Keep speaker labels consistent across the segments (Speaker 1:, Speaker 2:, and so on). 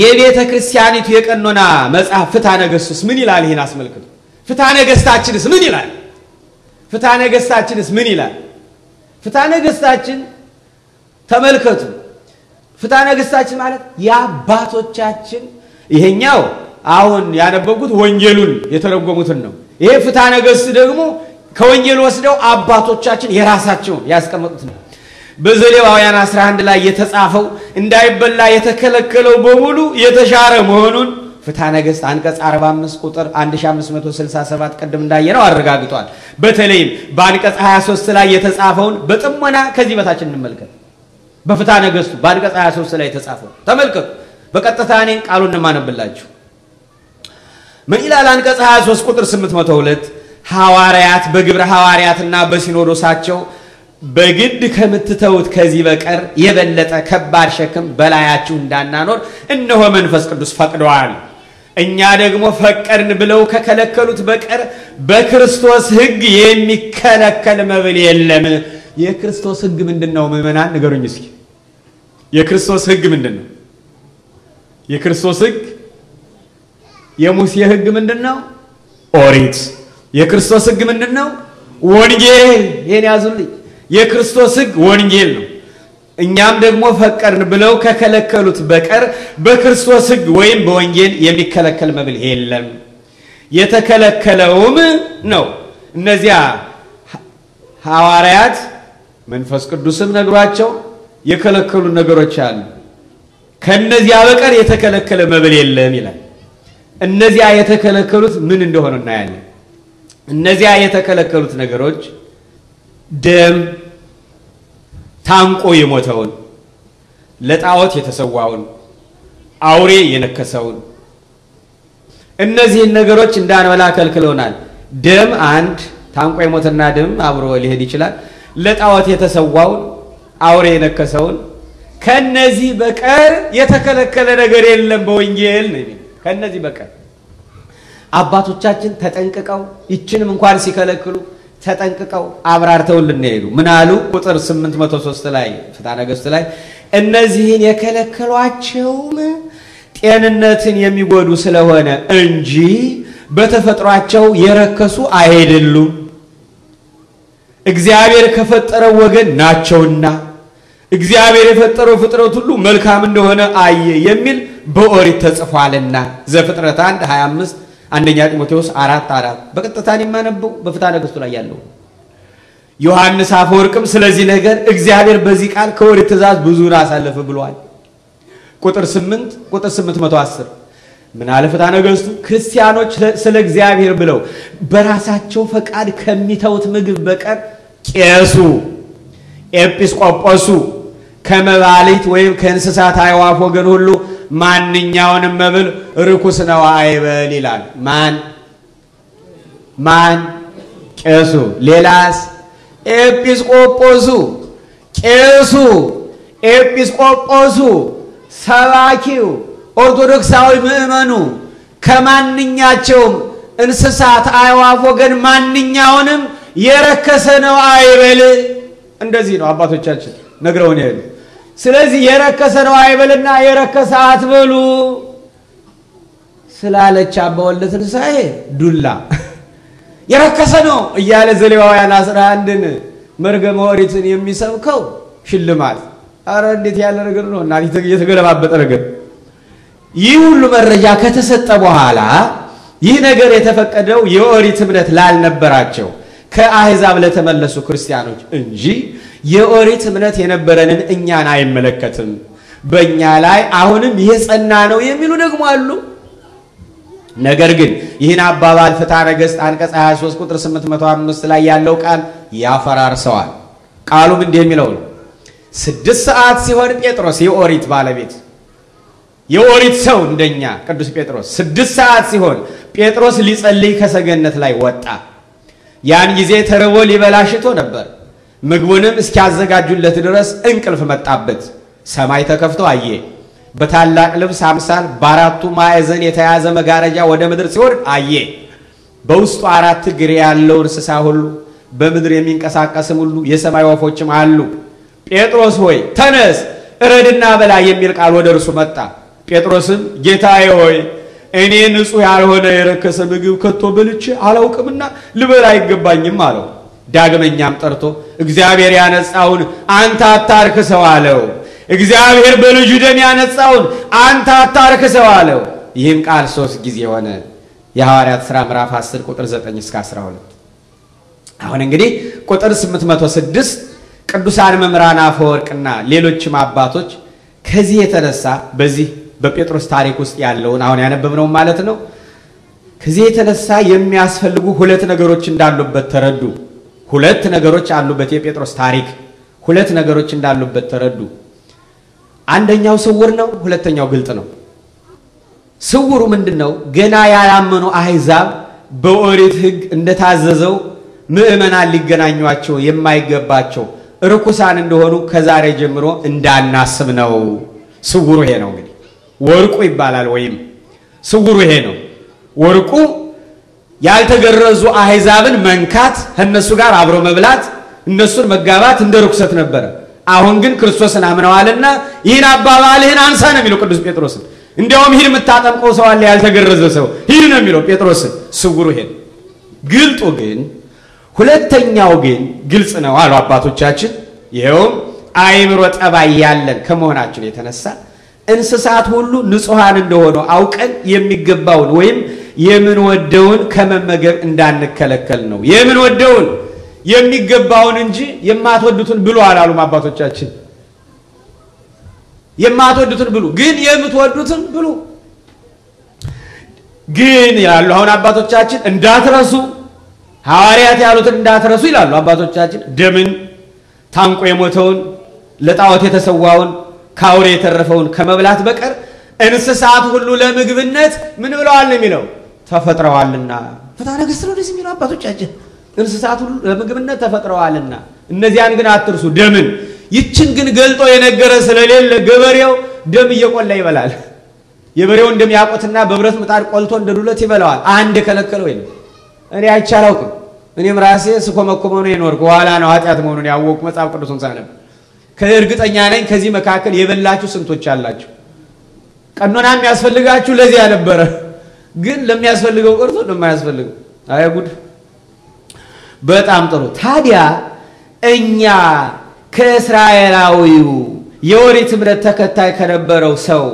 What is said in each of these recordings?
Speaker 1: የቤተ ክርስቲያኒቱ የቀኖና መጽሐፍ ፍታ ነገስቱስ ምን ይላል? ይህን አስመልክቶ ፍታ ነገስታችንስ ምን ይላል? ፍታ ነገስታችንስ ምን ይላል? ፍታ ነገስታችን ተመልከቱ። ፍታ ነገስታችን ማለት የአባቶቻችን ይሄኛው አሁን ያነበብኩት ወንጌሉን የተረጎሙትን ነው። ይሄ ፍታ ነገሥት ደግሞ ከወንጌል ወስደው አባቶቻችን የራሳቸውን ያስቀመጡት ነው። በዘሌዋውያን 11 ላይ የተጻፈው እንዳይበላ የተከለከለው በሙሉ የተሻረ መሆኑን ፍትሐ ነገሥት አንቀጽ 45 ቁጥር 1567 ቅድም እንዳየነው አረጋግጧል። በተለይም በአንቀጽ 23 ላይ የተጻፈውን በጥሞና ከዚህ በታች እንመልከት። በፍትሐ ነገሥቱ በአንቀጽ 23 ላይ የተጻፈው ተመልከቱ። በቀጥታ እኔ ቃሉን እንማነብላችሁ። ምን ይላል አንቀጽ 23 ቁጥር 802 ሐዋርያት በግብረ ሐዋርያትና በሲኖዶሳቸው በግድ ከምትተውት ከዚህ በቀር የበለጠ ከባድ ሸክም በላያችሁ እንዳናኖር እነሆ መንፈስ ቅዱስ ፈቅደዋል። እኛ ደግሞ ፈቀድን ብለው ከከለከሉት በቀር በክርስቶስ ሕግ የሚከለከል መብል የለም። የክርስቶስ ሕግ ምንድን ነው? ምዕመናን ንገሩኝ እስኪ። የክርስቶስ ሕግ ምንድን ነው? የክርስቶስ ሕግ የሙሴ ሕግ ምንድን ነው? ኦሪት። የክርስቶስ ሕግ ምንድን ነው? ወንጌል። ይህን ያዙልኝ። የክርስቶስ ህግ ወንጌል ነው። እኛም ደግሞ ፈቀርን ብለው ከከለከሉት በቀር በክርስቶስ ህግ ወይም በወንጌል የሚከለከል መብል የለም። የተከለከለውም ነው። እነዚያ ሐዋርያት መንፈስ ቅዱስም ነግሯቸው የከለከሉ ነገሮች አሉ። ከነዚያ በቀር የተከለከለ መብል የለም ይላል። እነዚያ የተከለከሉት ምን እንደሆነ እናያለን። እነዚያ የተከለከሉት ነገሮች ደም ታንቆ የሞተውን ለጣዖት የተሰዋውን አውሬ የነከሰውን እነዚህን ነገሮች እንዳንበላ ከልክለውናል። ደም አንድ ታንቆ የሞተና ደም አብሮ ሊሄድ ይችላል። ለጣዖት የተሰዋውን አውሬ የነከሰውን ከነዚህ በቀር የተከለከለ ነገር የለም በወንጌል ነው። ከነዚህ በቀር አባቶቻችን ተጠንቅቀው ይችንም እንኳን ሲከለክሉ ተጠንቅቀው አብራርተው ልንሄዱ ምን አሉ? ቁጥር 83 ላይ ፍታ ነገስት ላይ እነዚህን የከለከሏቸውም ጤንነትን የሚጎዱ ስለሆነ እንጂ በተፈጥሯቸው የረከሱ አይደሉም፣ እግዚአብሔር ከፈጠረው ወገን ናቸውና እግዚአብሔር የፈጠረው ፍጥረት ሁሉ መልካም እንደሆነ አየ የሚል በኦሪት ተጽፏልና ዘፍጥረት 1 25 አንደኛ ጢሞቴዎስ አራት አራት በቀጥታ የማነበው በፍትሐ ነገሥቱ ላይ ያለው ዮሐንስ አፈወርቅም ስለዚህ ነገር እግዚአብሔር በዚህ ቃል ከወደ ትእዛዝ ብዙን አሳለፈ ብሏል። ቁጥር 8 ቁጥር 810 ምን አለ ፍትሐ ነገሥቱ ክርስቲያኖች ስለ እግዚአብሔር ብለው በራሳቸው ፈቃድ ከሚተውት ምግብ በቀር ቄሱ፣ ኤጲስቆጶሱ ከመባሊት ወይም ከእንስሳት አዕዋፍ ወገን ሁሉ ማንኛውንም መብል ርኩስ ነው አይበል ይላል። ማን ማን? ቄሱ። ሌላስ? ኤጲስቆጶሱ፣ ቄሱ፣ ኤጲስቆጶሱ፣ ሰባኪው፣ ኦርቶዶክሳዊ ምዕመኑ ከማንኛቸውም እንስሳት አዕዋፍ ወገን ማንኛውንም የረከሰ ነው አይበል። እንደዚህ ነው አባቶቻችን ነግረውን ይሄዱ። ስለዚህ የረከሰ ነው አይበልና የረከሰ አትበሉ ስላለች አባ ወልደ ዱላ የረከሰ ነው እያለ ዘሌዋውያን አስራ አንድን መርገመ ኦሪትን የሚሰብከው ሽልማት አረ እንዴት ያለ ነገር ነው! እና የተገለባበጠ ነገር። ይህ ሁሉ መረጃ ከተሰጠ በኋላ ይህ ነገር የተፈቀደው የኦሪት እምነት ላልነበራቸው ከአህዛብ ለተመለሱ ክርስቲያኖች እንጂ የኦሪት እምነት የነበረንን እኛን አይመለከትም። በእኛ ላይ አሁንም የጸና ጸና ነው የሚሉ ደግሞ አሉ። ነገር ግን ይህን አባባል ፍትሐ ነገሥት አንቀጽ 23 ቁጥር 805 ላይ ያለው ቃል ያፈራርሰዋል። ቃሉም እንዲህ የሚለው ነው። ስድስት ሰዓት ሲሆን ጴጥሮስ የኦሪት ባለቤት የኦሪት ሰው እንደኛ ቅዱስ ጴጥሮስ ስድስት ሰዓት ሲሆን ጴጥሮስ ሊጸልይ ከሰገነት ላይ ወጣ። ያን ጊዜ ተርቦ ሊበላሽቶ ነበር። ምግቡንም እስኪያዘጋጁለት ድረስ እንቅልፍ መጣበት። ሰማይ ተከፍቶ አየ። በታላቅ ልብስ አምሳል በአራቱ ማዕዘን የተያዘ መጋረጃ ወደ ምድር ሲወርድ አየ። በውስጡ አራት እግር ያለው እንስሳ ሁሉ በምድር የሚንቀሳቀስም ሁሉ የሰማይ ወፎችም አሉ። ጴጥሮስ ሆይ ተነስ እረድና በላ የሚል ቃል ወደ እርሱ መጣ። ጴጥሮስም ጌታዬ ሆይ እኔ ንጹሕ ያልሆነ የረከሰ ምግብ ከቶ በልቼ አላውቅምና ልበላ አይገባኝም አለው። ዳግመኛም ጠርቶ እግዚአብሔር ያነጻውን አንተ አታርክሰው አለው። እግዚአብሔር በልጁ ደም ያነጻውን አንተ አታርክሰው አለው። ይህም ቃል ሶስት ጊዜ ሆነ። የሐዋርያት ሥራ ምዕራፍ 10 ቁጥር 9 እስከ 12። አሁን እንግዲህ ቁጥር 806 ቅዱሳን መምህራን አፈወርቅና ሌሎችም አባቶች ከዚህ የተነሳ በዚህ በጴጥሮስ ታሪክ ውስጥ ያለውን አሁን ያነበብነው ማለት ነው። ከዚህ የተነሳ የሚያስፈልጉ ሁለት ነገሮች እንዳሉበት ተረዱ። ሁለት ነገሮች አሉበት። የጴጥሮስ ታሪክ ሁለት ነገሮች እንዳሉበት ተረዱ። አንደኛው ስውር ነው፣ ሁለተኛው ግልጥ ነው። ስውሩ ምንድን ነው? ገና ያላመኑ አህዛብ በኦሪት ህግ እንደታዘዘው ምእመናን ሊገናኟቸው የማይገባቸው ርኩሳን እንደሆኑ ከዛሬ ጀምሮ እንዳናስብ ነው። ስውሩ ይሄ ነው። እንግዲህ ወርቁ ይባላል ወይም ስውሩ ይሄ ነው። ወርቁ ያልተገረዙ አህዛብን መንካት፣ ከእነሱ ጋር አብሮ መብላት፣ እነሱን መጋባት እንደ ርኩሰት ነበረ። አሁን ግን ክርስቶስን አምነዋልና ይህን አባባልህን አንሳ ነው የሚለው ቅዱስ ጴጥሮስን። እንዲያውም ሂድ የምታጠምቀው ሰው አለ ያልተገረዘ ሰው ሂድ ነው የሚለው ጴጥሮስን። ስውሩ ሄድ፣ ግልጡ ግን ሁለተኛው ግን ግልጽ ነው አሉ አባቶቻችን። ይኸውም አይምሮ ጠባይ ያለን ከመሆናችን የተነሳ እንስሳት ሁሉ ንጹሐን እንደሆነ አውቀን የሚገባውን ወይም የምንወደውን ከመመገብ እንዳንከለከል ነው። የምንወደውን የሚገባውን እንጂ የማትወዱትን ብሉ አላሉም አባቶቻችን። የማትወዱትን ብሉ፣ ግን የምትወዱትን ብሉ ግን ይላሉ አሁን አባቶቻችን። እንዳትረሱ ሐዋርያት ያሉትን እንዳትረሱ ይላሉ አባቶቻችን። ደምን ታንቆ የሞተውን ለጣዖት የተሰዋውን ከአውሬ የተረፈውን ከመብላት በቀር እንስሳት ሁሉ ለምግብነት ምን ብለዋል ነው የሚለው ተፈጥረዋልና ፍትሐ ነገሥት ነው ደስ የሚለው አባቶቻችን እንስሳት ሁሉ ለምግብነት ተፈጥረዋልና እነዚያን ግን አትርሱ ደምን ይችን ግን ገልጦ የነገረ ስለሌለ ገበሬው ደም እየቆላ ይበላል የበሬውን ደም ያቆትና በብረት ምጣድ ቆልቶ እንደ ዱለት ይበላዋል አንድ የከለከለው የለም እኔ አይቼ አላውቅም እኔም ራሴ ነው የኖርኩ በኋላ ነው ኃጢአት መሆኑን ያወቅኩ መጽሐፍ ቅዱስን ሳነብ ከእርግጠኛ ነኝ ከዚህ መካከል የበላችሁ ስንቶች አላችሁ ቀኖናም ያስፈልጋችሁ ለዚያ ነበረ ግን ለሚያስፈልገው ቀርቶ ለማያስፈልገው ጉድ በጣም ጥሩ። ታዲያ እኛ ከእስራኤላዊው የወሪት እምነት ተከታይ ከነበረው ሰው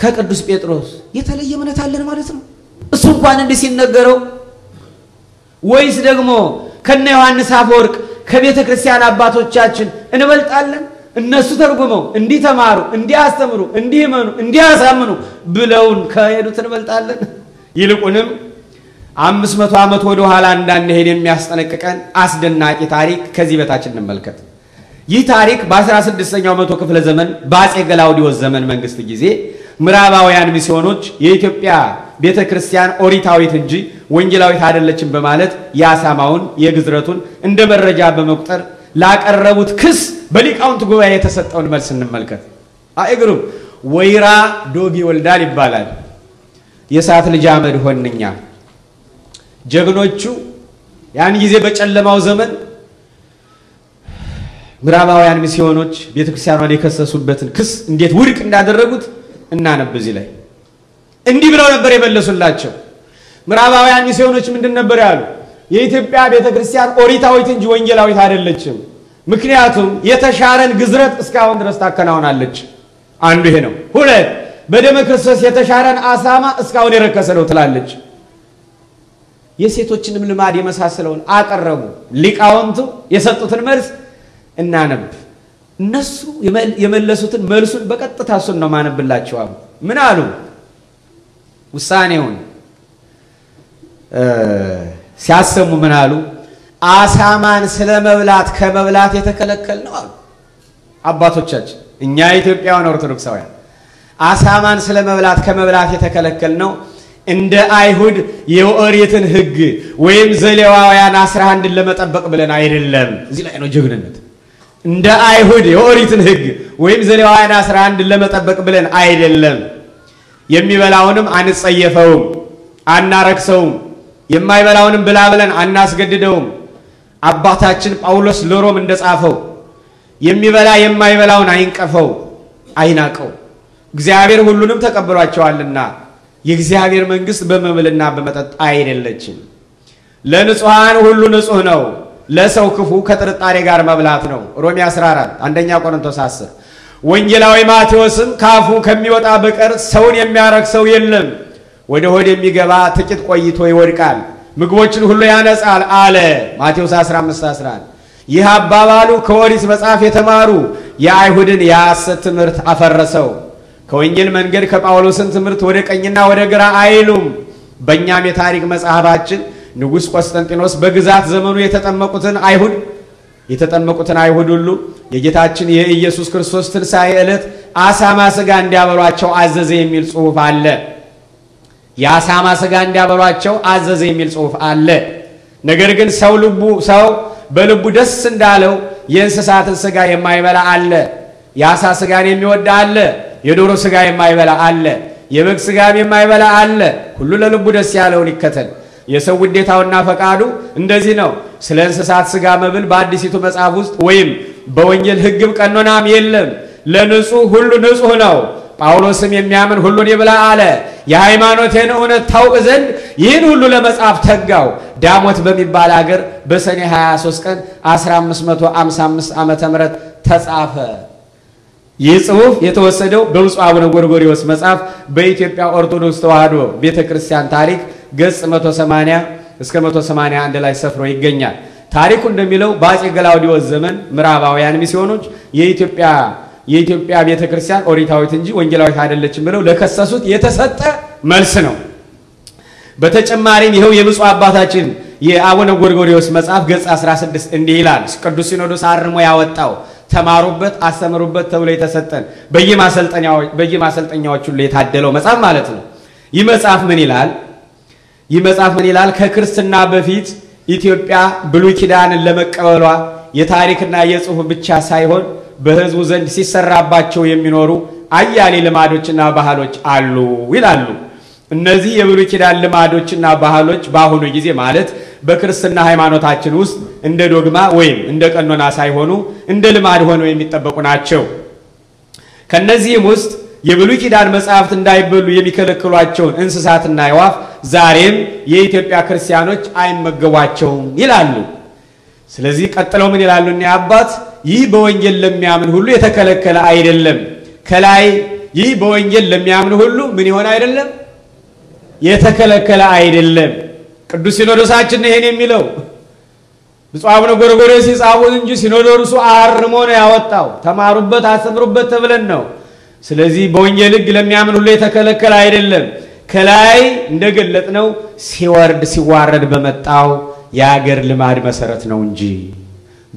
Speaker 1: ከቅዱስ ጴጥሮስ የተለየ እምነት አለን ማለት ነው። እሱ እንኳን እንዲህ ሲነገረው ወይስ ደግሞ ከነ ዮሐንስ አፈወርቅ ከቤተ ክርስቲያን አባቶቻችን እንበልጣለን? እነሱ ተርጉመው እንዲህ ተማሩ፣ እንዲህ አስተምሩ፣ እንዲህ እንዲህ አሳምኑ ብለውን ከሄዱት እንበልጣለን። ይልቁንም አምስት መቶ ዓመት ወደ ኋላ እንዳንሄድ የሚያስጠነቅቀን አስደናቂ ታሪክ ከዚህ በታች እንመልከት። ይህ ታሪክ በ16ኛው መቶ ክፍለ ዘመን በአጼ ገላውዲዮስ ዘመን መንግስት ጊዜ ምዕራባውያን ሚስዮኖች የኢትዮጵያ ቤተ ክርስቲያን ኦሪታዊት እንጂ ወንጌላዊት አይደለችም በማለት የአሳማውን የግዝረቱን እንደ መረጃ በመቁጠር ላቀረቡት ክስ በሊቃውንት ጉባኤ የተሰጠውን መልስ እንመልከት። አይግሩም። ወይራ ዶግ ይወልዳል ይባላል። የሰዓት ልጅ አመድ ሆንኛ። ጀግኖቹ ያን ጊዜ በጨለማው ዘመን ምዕራባውያን ሚስዮኖች ቤተክርስቲያኗን የከሰሱበትን ክስ እንዴት ውድቅ እንዳደረጉት እናነብ። እዚህ ላይ እንዲህ ብለው ነበር የመለሱላቸው። ምዕራባውያን ሚስዮኖች ምንድን ነበር ያሉ? የኢትዮጵያ ቤተክርስቲያን ኦሪታዊት እንጂ ወንጌላዊት አይደለችም። ምክንያቱም የተሻረን ግዝረት እስካሁን ድረስ ታከናውናለች። አንዱ ይሄ ነው። ሁለት በደመ ክርስቶስ የተሻረን አሳማ እስካሁን የረከሰ ነው ትላለች። የሴቶችንም ልማድ የመሳሰለውን አቀረቡ ሊቃውንቱ። የሰጡትን መልስ እናነብ። እነሱ የመለሱትን መልሱን በቀጥታ እሱን ነው ማነብላቸው። ምን አሉ? ውሳኔውን ሲያሰሙ ምን አሉ? አሳማን ስለ መብላት ከመብላት የተከለከል ነው አሉ አባቶቻችን። እኛ ኢትዮጵያውያን ኦርቶዶክሳውያን አሳማን ስለ መብላት ከመብላት የተከለከል ነው እንደ አይሁድ የኦሪትን ሕግ ወይም ዘሌዋውያን አስራ አንድን ለመጠበቅ ብለን አይደለም። እዚህ ላይ ነው ጀግንነት። እንደ አይሁድ የኦሪትን ሕግ ወይም ዘሌዋውያን አስራ አንድን ለመጠበቅ ብለን አይደለም። የሚበላውንም አንጸየፈውም፣ አናረክሰውም። የማይበላውንም ብላ ብለን አናስገድደውም። አባታችን ጳውሎስ ለሮም እንደጻፈው የሚበላ የማይበላውን አይንቀፈው አይናቀው፣ እግዚአብሔር ሁሉንም ተቀብሏቸዋልና የእግዚአብሔር መንግስት በመብልና በመጠጥ አይደለችም። ለንጹሐን ሁሉ ንጹሕ ነው፣ ለሰው ክፉ ከጥርጣሬ ጋር መብላት ነው። ሮሜ 14 አንደኛ ቆሮንቶስ 10 ወንጌላዊ ማቴዎስም ካፉ ከሚወጣ በቀር ሰውን የሚያረክሰው የለም፣ ወደ ሆድ የሚገባ ጥቂት ቆይቶ ይወድቃል። ምግቦችን ሁሉ ያነጻል አለ። ማቴዎስ 15 11 ይህ አባባሉ ከኦሪት መጽሐፍ የተማሩ የአይሁድን የሐሰት ትምህርት አፈረሰው። ከወንጌል መንገድ ከጳውሎስን ትምህርት ወደ ቀኝና ወደ ግራ አይሉም። በእኛም የታሪክ መጽሐፋችን ንጉሥ ቆስጠንጢኖስ በግዛት ዘመኑ የተጠመቁትን አይሁድ የተጠመቁትን አይሁድ ሁሉ የጌታችን የኢየሱስ ክርስቶስ ትንሣኤ ዕለት አሳማ ሥጋ እንዲያበሏቸው አዘዘ የሚል ጽሑፍ አለ። የአሳማ ስጋ እንዲያበሏቸው አዘዘ የሚል ጽሑፍ አለ። ነገር ግን ሰው ልቡ ሰው በልቡ ደስ እንዳለው የእንስሳትን ስጋ የማይበላ አለ። የአሳ ስጋን የሚወድ አለ። የዶሮ ስጋ የማይበላ አለ። የበግ ስጋም የማይበላ አለ። ሁሉ ለልቡ ደስ ያለውን ይከተል። የሰው ውዴታውና ፈቃዱ እንደዚህ ነው። ስለ እንስሳት ስጋ መብል በአዲሲቱ መጽሐፍ ውስጥ ወይም በወንጌል ሕግም ቀኖናም የለም። ለንጹህ ሁሉ ንጹህ ነው። ጳውሎስም የሚያምን ሁሉን ይብላ አለ። የሃይማኖቴን እውነት ታውቅ ዘንድ ይህን ሁሉ ለመጻፍ ተጋው። ዳሞት በሚባል አገር በሰኔ 23 ቀን 1555 ዓ ም ተጻፈ። ይህ ጽሑፍ የተወሰደው በብፁዕ አቡነ ጎርጎሪዎስ መጽሐፍ በኢትዮጵያ ኦርቶዶክስ ተዋህዶ ቤተ ክርስቲያን ታሪክ ገጽ 180 እስከ 181 ላይ ሰፍሮ ይገኛል። ታሪኩ እንደሚለው በአፄ ገላውዲዮስ ዘመን ምዕራባውያን ሚስዮኖች የኢትዮጵያ የኢትዮጵያ ቤተ ክርስቲያን ኦሪታዊት እንጂ ወንጌላዊት አይደለችም ብለው ለከሰሱት የተሰጠ መልስ ነው። በተጨማሪም ይኸው የብፁዕ አባታችን የአቡነ ጎርጎሪዎስ መጽሐፍ ገጽ 16 እንዲህ ይላል። ቅዱስ ሲኖዶስ አርሞ ያወጣው ተማሩበት፣ አስተምሩበት ተብሎ የተሰጠን በየማሰልጠኛዎች ሁሉ የታደለው መጽሐፍ ማለት ነው። ይህ መጽሐፍ ምን ይላል? ይህ መጽሐፍ ምን ይላል? ከክርስትና በፊት ኢትዮጵያ ብሉይ ኪዳንን ለመቀበሏ የታሪክና የጽሑፍ ብቻ ሳይሆን በህዝቡ ዘንድ ሲሰራባቸው የሚኖሩ አያሌ ልማዶችና ባህሎች አሉ ይላሉ። እነዚህ የብሉይ ኪዳን ልማዶችና ባህሎች በአሁኑ ጊዜ ማለት በክርስትና ሃይማኖታችን ውስጥ እንደ ዶግማ ወይም እንደ ቀኖና ሳይሆኑ እንደ ልማድ ሆነው የሚጠበቁ ናቸው። ከነዚህም ውስጥ የብሉይ ኪዳን መጽሐፍት እንዳይበሉ የሚከለክሏቸውን እንስሳትና የዋፍ ዛሬም የኢትዮጵያ ክርስቲያኖች አይመገቧቸውም ይላሉ። ስለዚህ ቀጥለው ምን ይላሉ እኒህ አባት? ይህ በወንጌል ለሚያምን ሁሉ የተከለከለ አይደለም። ከላይ ይህ በወንጌል ለሚያምን ሁሉ ምን ይሆን አይደለም? የተከለከለ አይደለም። ቅዱስ ሲኖዶሳችን ነው ይሄን የሚለው። ብፁዕ አቡነ ጎርጎሬ የጻፉት እንጂ ሲኖዶሱ አርሞ ነው ያወጣው። ተማሩበት፣ አስተምሩበት ተብለን ነው። ስለዚህ በወንጌል ግ ለሚያምን ሁሉ የተከለከለ አይደለም። ከላይ እንደገለጥ ነው ሲወርድ ሲዋረድ በመጣው የአገር ልማድ መሰረት ነው እንጂ።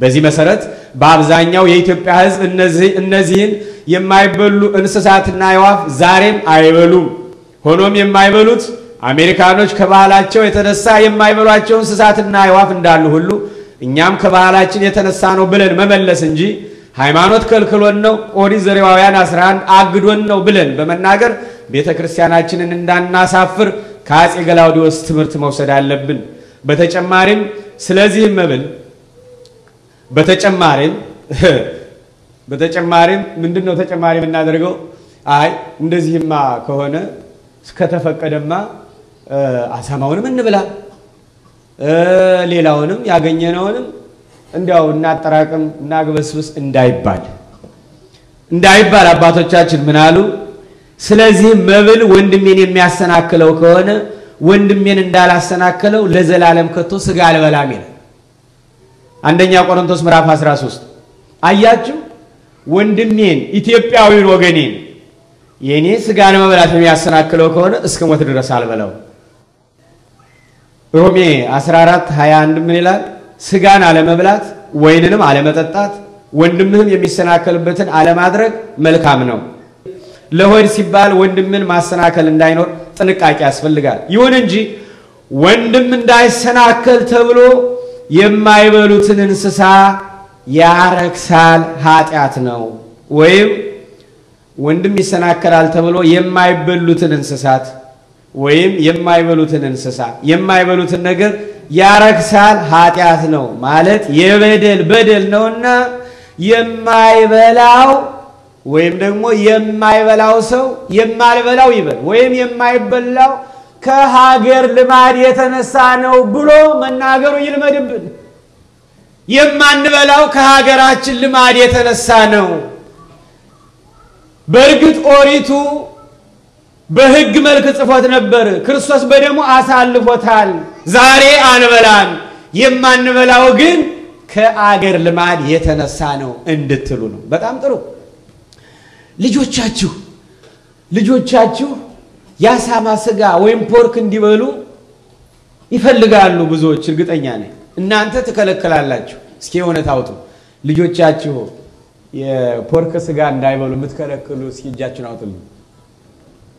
Speaker 1: በዚህ መሰረት በአብዛኛው የኢትዮጵያ ሕዝብ እነዚህን የማይበሉ እንስሳትና የዋፍ ዛሬም አይበሉም። ሆኖም የማይበሉት አሜሪካኖች ከባህላቸው የተነሳ የማይበሏቸው እንስሳትና የዋፍ እንዳሉ ሁሉ እኛም ከባህላችን የተነሳ ነው ብለን መመለስ እንጂ ሃይማኖት ከልክሎን ነው፣ ኦሪት ዘሌዋውያን 11 አግዶን ነው ብለን በመናገር ቤተ ክርስቲያናችንን እንዳናሳፍር ከአፄ ገላውዲዎስ ትምህርት መውሰድ አለብን። በተጨማሪም ስለዚህ መብል በተጨማሪም በተጨማሪም ምንድን ነው ተጨማሪ የምናደርገው? አይ እንደዚህማ ከሆነ እስከተፈቀደማ አሳማውንም እንብላ ሌላውንም ያገኘነውንም እንዲያው እናጠራቅም እናግበስብስ እንዳይባል እንዳይባል አባቶቻችን ምን አሉ? ስለዚህ መብል ወንድሜን የሚያሰናክለው ከሆነ ወንድሜን እንዳላሰናከለው ለዘላለም ከቶ ስጋ አልበላም ይላል። አንደኛ ቆሮንቶስ ምዕራፍ 13 አያችሁ፣ ወንድሜን ኢትዮጵያዊን ወገኔን የእኔ ስጋ ለመበላት የሚያሰናክለው ከሆነ እስከ ሞት ድረስ አልበላው። ሮሜ 14 21 ምን ይላል? ስጋን አለመብላት ወይንንም አለመጠጣት ወንድምህን የሚሰናከልበትን አለማድረግ መልካም ነው። ለሆድ ሲባል ወንድምን ማሰናከል እንዳይኖር ጥንቃቄ ያስፈልጋል። ይሁን እንጂ ወንድም እንዳይሰናከል ተብሎ የማይበሉትን እንስሳ ያረክሳል፣ ኃጢአት ነው። ወይም ወንድም ይሰናከላል ተብሎ የማይበሉትን እንስሳት ወይም የማይበሉትን እንስሳ የማይበሉትን ነገር ያረክሳል፣ ኃጢአት ነው ማለት የበደል በደል ነውና የማይበላው ወይም ደግሞ የማይበላው ሰው የማልበላው ይበል ወይም የማይበላው ከሀገር ልማድ የተነሳ ነው ብሎ መናገሩ ይልመድብን። የማንበላው ከሀገራችን ልማድ የተነሳ ነው። በእርግጥ ኦሪቱ በሕግ መልክ ጽፎት ነበር። ክርስቶስ በደሞ አሳልፎታል። ዛሬ አንበላም። የማንበላው ግን ከአገር ልማድ የተነሳ ነው እንድትሉ ነው። በጣም ጥሩ ልጆቻችሁ ልጆቻችሁ የአሳማ ስጋ ወይም ፖርክ እንዲበሉ ይፈልጋሉ ብዙዎች፣ እርግጠኛ ነኝ። እናንተ ትከለክላላችሁ። እስኪ የሆነ አውጡ። ልጆቻችሁ የፖርክ ስጋ እንዳይበሉ የምትከለክሉ እስኪ እጃችሁን አውጡልኝ።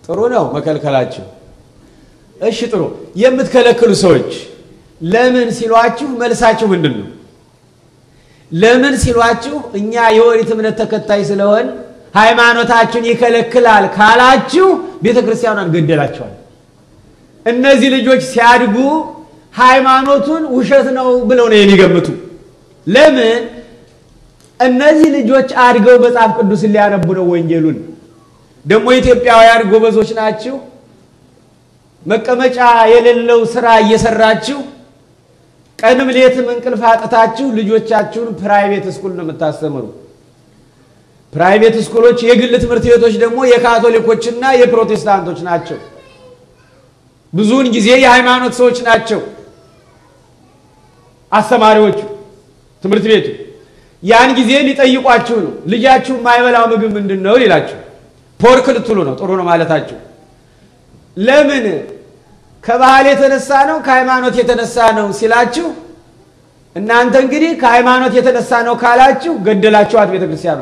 Speaker 1: ጥሩ ነው መከልከላችሁ። እሺ ጥሩ። የምትከለክሉ ሰዎች ለምን ሲሏችሁ መልሳችሁ ምንድን ነው? ለምን ሲሏችሁ እኛ የወሪት እምነት ተከታይ ስለሆን ሃይማኖታችን ይከለክላል ካላችሁ ቤተ ክርስቲያኗን ገደላቸዋል። እነዚህ ልጆች ሲያድጉ ሃይማኖቱን ውሸት ነው ብለው ነው የሚገምቱ። ለምን? እነዚህ ልጆች አድገው መጽሐፍ ቅዱስ ሊያነቡ ነው ወንጌሉን። ደግሞ ኢትዮጵያውያን ጎበዞች ናችሁ። መቀመጫ የሌለው ስራ እየሰራችሁ ቀንም ሌትም እንቅልፍ አጥታችሁ ልጆቻችሁን ፕራይቬት ስኩል ነው የምታስተምሩ። ፕራይቬት ስኩሎች፣ የግል ትምህርት ቤቶች ደግሞ የካቶሊኮችና የፕሮቴስታንቶች ናቸው። ብዙውን ጊዜ የሃይማኖት ሰዎች ናቸው አስተማሪዎቹ፣ ትምህርት ቤቱ። ያን ጊዜ ሊጠይቋችሁ ነው። ልጃችሁ የማይበላው ምግብ ምንድን ነው ሊላችሁ፣ ፖርክ ልትሉ ነው። ጥሩ ነው ማለታችሁ። ለምን ከባህል የተነሳ ነው ከሃይማኖት የተነሳ ነው ሲላችሁ፣ እናንተ እንግዲህ ከሃይማኖት የተነሳ ነው ካላችሁ ገደላችኋት ቤተክርስቲያኗ።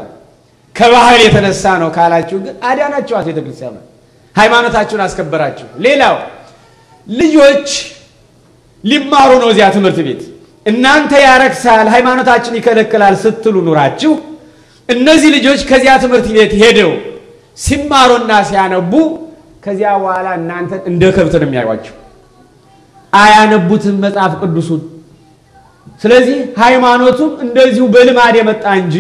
Speaker 1: ከባህል የተነሳ ነው ካላችሁ ግን አዳናችሁ። ቤተ ክርስቲያን ሃይማኖታችሁን አስከበራችሁ። ሌላው ልጆች ሊማሩ ነው እዚያ ትምህርት ቤት እናንተ ያረክሳል ሃይማኖታችን ይከለክላል ስትሉ ኑራችሁ እነዚህ ልጆች ከዚያ ትምህርት ቤት ሄደው ሲማሩና ሲያነቡ ከዚያ በኋላ እናንተ እንደ ከብት ነው የሚያዩዋችሁ። አያነቡትም መጽሐፍ ቅዱሱን። ስለዚህ ሃይማኖቱም እንደዚሁ በልማድ የመጣ እንጂ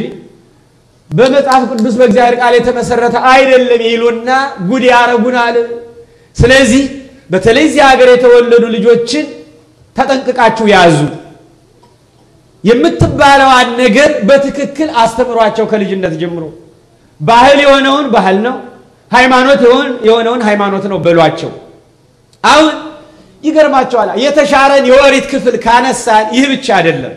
Speaker 1: በመጽሐፍ ቅዱስ በእግዚአብሔር ቃል የተመሰረተ አይደለም ይሉና ጉድ ያረጉናል። ስለዚህ በተለይ እዚህ ሀገር የተወለዱ ልጆችን ተጠንቅቃችሁ ያዙ። የምትባለዋን ነገር በትክክል አስተምሯቸው ከልጅነት ጀምሮ። ባህል የሆነውን ባህል ነው፣ ሃይማኖት የሆነውን ሃይማኖት ነው በሏቸው። አሁን ይገርማቸዋል። የተሻረን የወሪት ክፍል ካነሳን ይህ ብቻ አይደለም።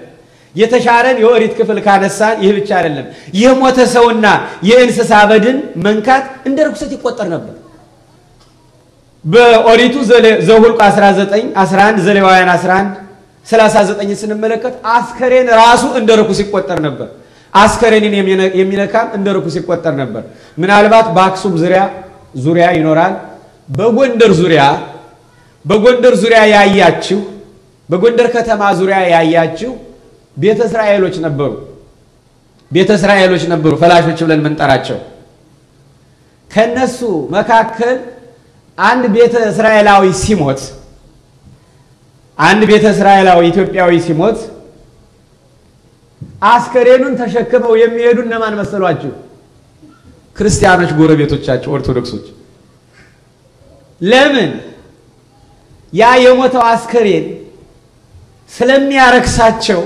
Speaker 1: የተሻረን የኦሪት ክፍል ካነሳን ይህ ብቻ አይደለም። የሞተ ሰውና የእንስሳ በድን መንካት እንደ ርኩሰት ይቆጠር ነበር። በኦሪቱ ዘሁልቁ 19 11 ዘሌዋውያን 11 39 ስንመለከት አስከሬን ራሱ እንደ ርኩስ ይቆጠር ነበር። አስከሬንን የሚነካም እንደ ርኩስ ይቆጠር ነበር። ምናልባት በአክሱም ዙሪያ ዙሪያ ይኖራል። በጎንደር ዙሪያ በጎንደር ዙሪያ ያያችሁ በጎንደር ከተማ ዙሪያ ያያችሁ ቤተ እስራኤሎች ነበሩ። ቤተ እስራኤሎች ነበሩ ፈላሾች ብለን የምንጠራቸው። ከነሱ መካከል አንድ ቤተ እስራኤላዊ ሲሞት አንድ ቤተ እስራኤላዊ ኢትዮጵያዊ ሲሞት አስከሬኑን ተሸክመው የሚሄዱ እነማን መሰሏችሁ? ክርስቲያኖች ጎረቤቶቻቸው፣ ኦርቶዶክሶች። ለምን? ያ የሞተው አስከሬን ስለሚያረክሳቸው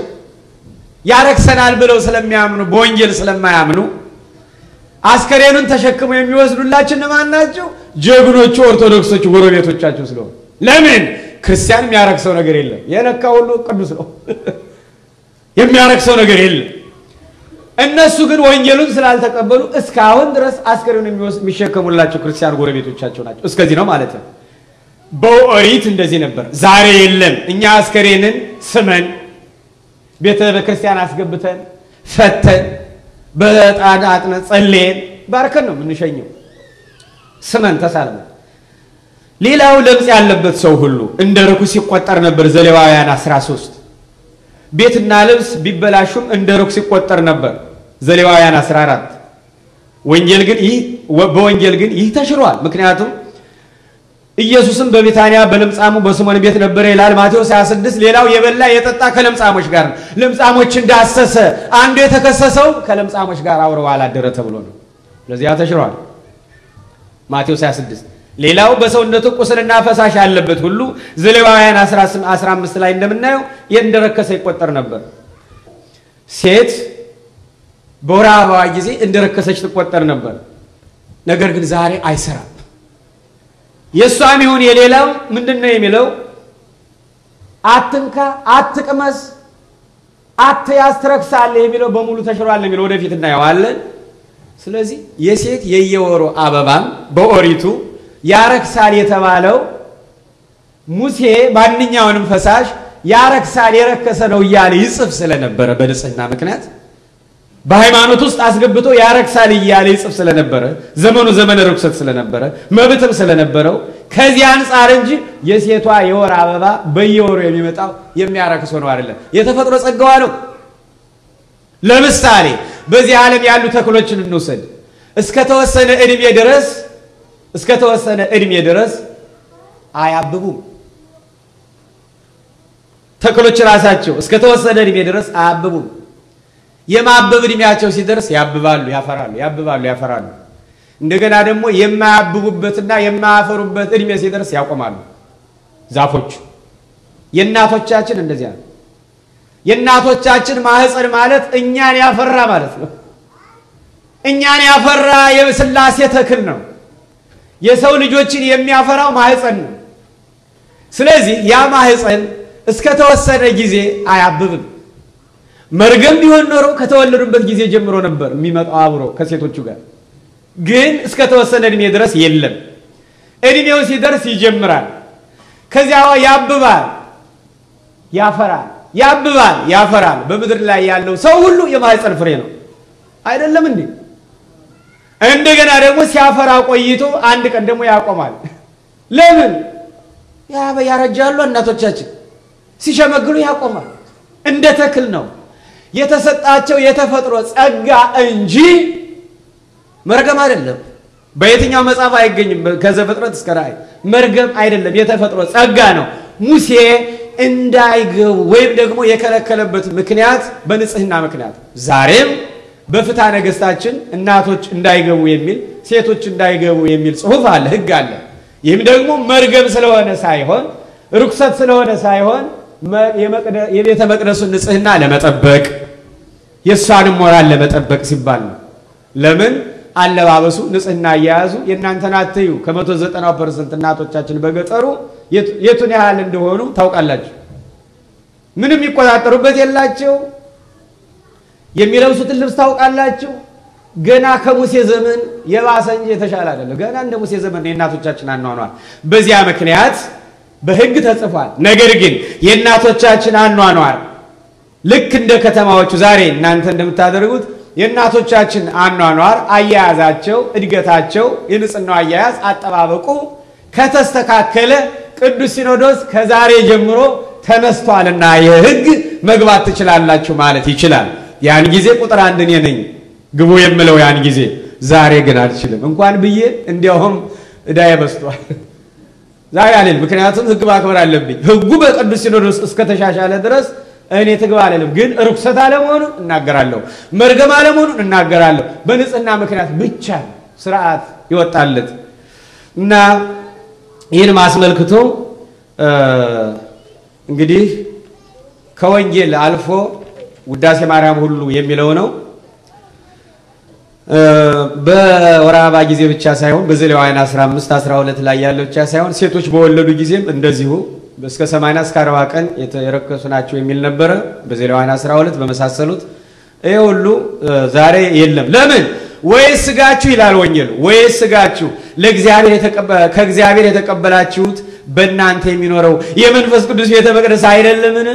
Speaker 1: ያረክሰናል ብለው ስለሚያምኑ በወንጌል ስለማያምኑ አስከሬኑን ተሸክመው የሚወስዱላችን እነማን ናቸው? ጀግኖቹ ኦርቶዶክሶቹ ጎረቤቶቻቸው ስለሆኑ። ለምን ክርስቲያን የሚያረክሰው ነገር የለም። የነካ ሁሉ ቅዱስ ነው፣ የሚያረክሰው ነገር የለም። እነሱ ግን ወንጌሉን ስላልተቀበሉ እስካሁን ድረስ አስከሬኑን የሚሸከሙላቸው ክርስቲያን ጎረቤቶቻቸው ናቸው። እስከዚህ ነው ማለት ነው። በኦሪት እንደዚህ ነበር፣ ዛሬ የለም። እኛ አስከሬንን ስመን ቤተ ክርስቲያን አስገብተን ፈተን በጣን አጥነ ጸልየን ባርከን ነው የምንሸኘው። ስመን ተሳልመን። ሌላው ለምጽ ያለበት ሰው ሁሉ እንደ ርኩስ ሲቆጠር ነበር። ዘሌዋውያን 13 ቤትና ልብስ ቢበላሹም እንደ ርኩስ ሲቆጠር ነበር። ዘሌዋውያን 14 ወንጀል ግን ይህ በወንጀል ግን ይህ ተሽሯል። ምክንያቱም ኢየሱስም በቢታንያ በለምጻሙ በስሞን ቤት ነበረ ይላል ማቴዎስ 26። ሌላው የበላ የጠጣ ከለምጻሞች ጋር ነው። ለምጻሞች እንዳሰሰ አንዱ የተከሰሰው ከለምጻሞች ጋር አውረው አላደረ ተብሎ ነው። ስለዚህ ተሽሯል። ማቴዎስ 26 ሌላው በሰውነቱ ቁስልና ፈሳሽ ያለበት ሁሉ ዘሌዋውያን 15 ላይ እንደምናየው እንደረከሰ ይቆጠር ነበር። ሴት በወር አበባዋ ጊዜ እንደረከሰች ትቆጠር ነበር። ነገር ግን ዛሬ አይሰራም። የእሷም ይሁን የሌላው ምንድን ነው የሚለው? አትንካ፣ አትቅመስ፣ አት ትረክሳለህ የሚለው በሙሉ ተሽሯል የሚለው ወደፊት እናየዋለን። ስለዚህ የሴት የየወሩ አበባም በኦሪቱ ያረክሳል የተባለው ሙሴ ማንኛውንም ፈሳሽ ያረክሳል የረከሰ ነው እያለ ይጽፍ ስለነበረ በንጽህና ምክንያት በሃይማኖት ውስጥ አስገብቶ ያረክሳል እያለ ይጽፍ ስለነበረ ዘመኑ ዘመነ ርኩሰት ስለነበረ መብትም ስለነበረው ከዚህ አንጻር እንጂ የሴቷ የወር አበባ በየወሩ የሚመጣው የሚያረክሶ ነው አይደለም፣ የተፈጥሮ ጸጋዋ ነው። ለምሳሌ በዚህ ዓለም ያሉ ተክሎችን እንውሰድ። እስከተወሰነ እድሜ ድረስ እስከተወሰነ እድሜ ድረስ አያብቡም። ተክሎች ራሳቸው እስከተወሰነ እድሜ ድረስ አያብቡም። የማበብ እድሜያቸው ሲደርስ ያብባሉ፣ ያፈራሉ፣ ያብባሉ፣ ያፈራሉ። እንደገና ደግሞ የማያብቡበትና የማያፈሩበት እድሜ ሲደርስ ያቆማሉ ዛፎች። የእናቶቻችን እንደዚያ ነው። የእናቶቻችን ማህፀን ማለት እኛን ያፈራ ማለት ነው። እኛን ያፈራ የስላሴ ተክል ነው። የሰው ልጆችን የሚያፈራው ማህፀን ነው። ስለዚህ ያ ማህፀን እስከ ተወሰነ ጊዜ አያብብም። መርገም ቢሆን ኖሮ ከተወለዱበት ጊዜ ጀምሮ ነበር የሚመጣው አብሮ ከሴቶቹ ጋር። ግን እስከ ተወሰነ እድሜ ድረስ የለም። እድሜው ሲደርስ ይጀምራል። ከዚያ ያብባል፣ ያፈራል፣ ያብባል፣ ያፈራል። በምድር ላይ ያለው ሰው ሁሉ የማህፀን ፍሬ ነው አይደለም እንዴ? እንደገና ደግሞ ሲያፈራ ቆይቶ አንድ ቀን ደግሞ ያቆማል። ለምን? ያረጃሉ እናቶቻችን ሲሸመግሉ ያቆማል። እንደ ተክል ነው። የተሰጣቸው የተፈጥሮ ጸጋ እንጂ መርገም አይደለም። በየትኛው መጽሐፍ አይገኝም። ከዘፍጥረት እስከ ራእይ መርገም አይደለም፣ የተፈጥሮ ጸጋ ነው። ሙሴ እንዳይገቡ ወይም ደግሞ የከለከለበት ምክንያት በንጽህና ምክንያት ዛሬም በፍትሐ ነገሥታችን እናቶች እንዳይገቡ የሚል ሴቶች እንዳይገቡ የሚል ጽሑፍ አለ፣ ህግ አለ። ይህም ደግሞ መርገም ስለሆነ ሳይሆን ርኩሰት ስለሆነ ሳይሆን የቤተ መቅደሱን ንጽህና ለመጠበቅ የእሷንም ሞራል ለመጠበቅ ሲባል ነው። ለምን አለባበሱ ንጽህና እያያዙ የእናንተን አትዩ። ከመቶ ዘጠናው ፐርሰንት እናቶቻችን በገጠሩ የቱን ያህል እንደሆኑ ታውቃላችሁ። ምንም የሚቆጣጠሩበት የላቸው። የሚለብሱትን ልብስ ታውቃላችሁ። ገና ከሙሴ ዘመን የባሰ እንጂ የተሻለ አይደለም። ገና እንደ ሙሴ ዘመን የእናቶቻችን አኗኗር በዚያ ምክንያት በህግ ተጽፏል። ነገር ግን የእናቶቻችን አኗኗር ልክ እንደ ከተማዎቹ ዛሬ እናንተ እንደምታደርጉት የእናቶቻችን አኗኗር አያያዛቸው፣ እድገታቸው፣ የንጽህናው አያያዝ አጠባበቁ ከተስተካከለ ቅዱስ ሲኖዶስ ከዛሬ ጀምሮ ተነስቷልና የህግ መግባት ትችላላችሁ ማለት ይችላል። ያን ጊዜ ቁጥር አንድ እኔ ነኝ ግቡ የምለው ያን ጊዜ። ዛሬ ግን አልችልም እንኳን ብዬ እንዲያውም እዳ የበስቷል ዛሬ አልል። ምክንያቱም ህግ ማክበር አለብኝ። ህጉ በቅዱስ ሲኖዶስ እስከተሻሻለ ድረስ እኔ ትግባ አልልም። ግን ርኩሰት አለመሆኑን እናገራለሁ፣ መርገም አለመሆኑ እናገራለሁ። በንጽህና ምክንያት ብቻ ስርዓት ይወጣለት እና ይህን አስመልክቶ እንግዲህ ከወንጌል አልፎ ውዳሴ ማርያም ሁሉ የሚለው ነው። በወር አበባ ጊዜ ብቻ ሳይሆን በዘሌዋውያን 15 12 ላይ ያለው ብቻ ሳይሆን ሴቶች በወለዱ ጊዜም እንደዚሁ እስከ 80 እስከ 40 ቀን የረከሱ ናቸው የሚል ነበረ። በዘሌዋውያን 12 በመሳሰሉት ይሄ ሁሉ ዛሬ የለም። ለምን? ወይስ ስጋችሁ ይላል ወንጌሉ፣ ወይስ ስጋችሁ ለእግዚአብሔር ከእግዚአብሔር የተቀበላችሁት በእናንተ የሚኖረው የመንፈስ ቅዱስ ቤተ መቅደስ አይደለምን?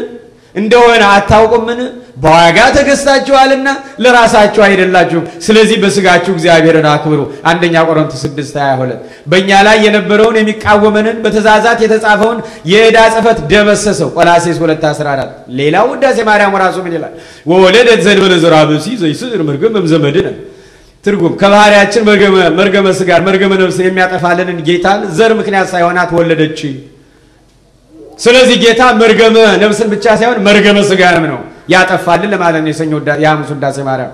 Speaker 1: እንደሆነ አታውቁምን? በዋጋ ተገዝታችኋልና ለራሳችሁ አይደላችሁም። ስለዚህ በስጋችሁ እግዚአብሔርን አክብሩ። አንደኛ ቆሮንቶስ 6 22 በእኛ ላይ የነበረውን የሚቃወመንን በትእዛዛት የተጻፈውን የዕዳ ጽፈት ደመሰሰው። ቆላሴስ 2 14 ሌላው ውዳሴ ማርያም ራሱ ምን ይላል? ወወለደት ዘእንበለ ዘርአ ብእሲ ዘይስዕር መርገመ እምዘመድነ ትርጉም ከባህሪያችን መርገመ ስጋር መርገመ ነፍስ የሚያጠፋልንን ጌታን ዘር ምክንያት ሳይሆናት ወለደች። ስለዚህ ጌታ መርገመ ነብስን ብቻ ሳይሆን መርገመ ስጋንም ነው ያጠፋልን ለማለት ነው። የሰኞ የሐሙስ ውዳሴ ማርያም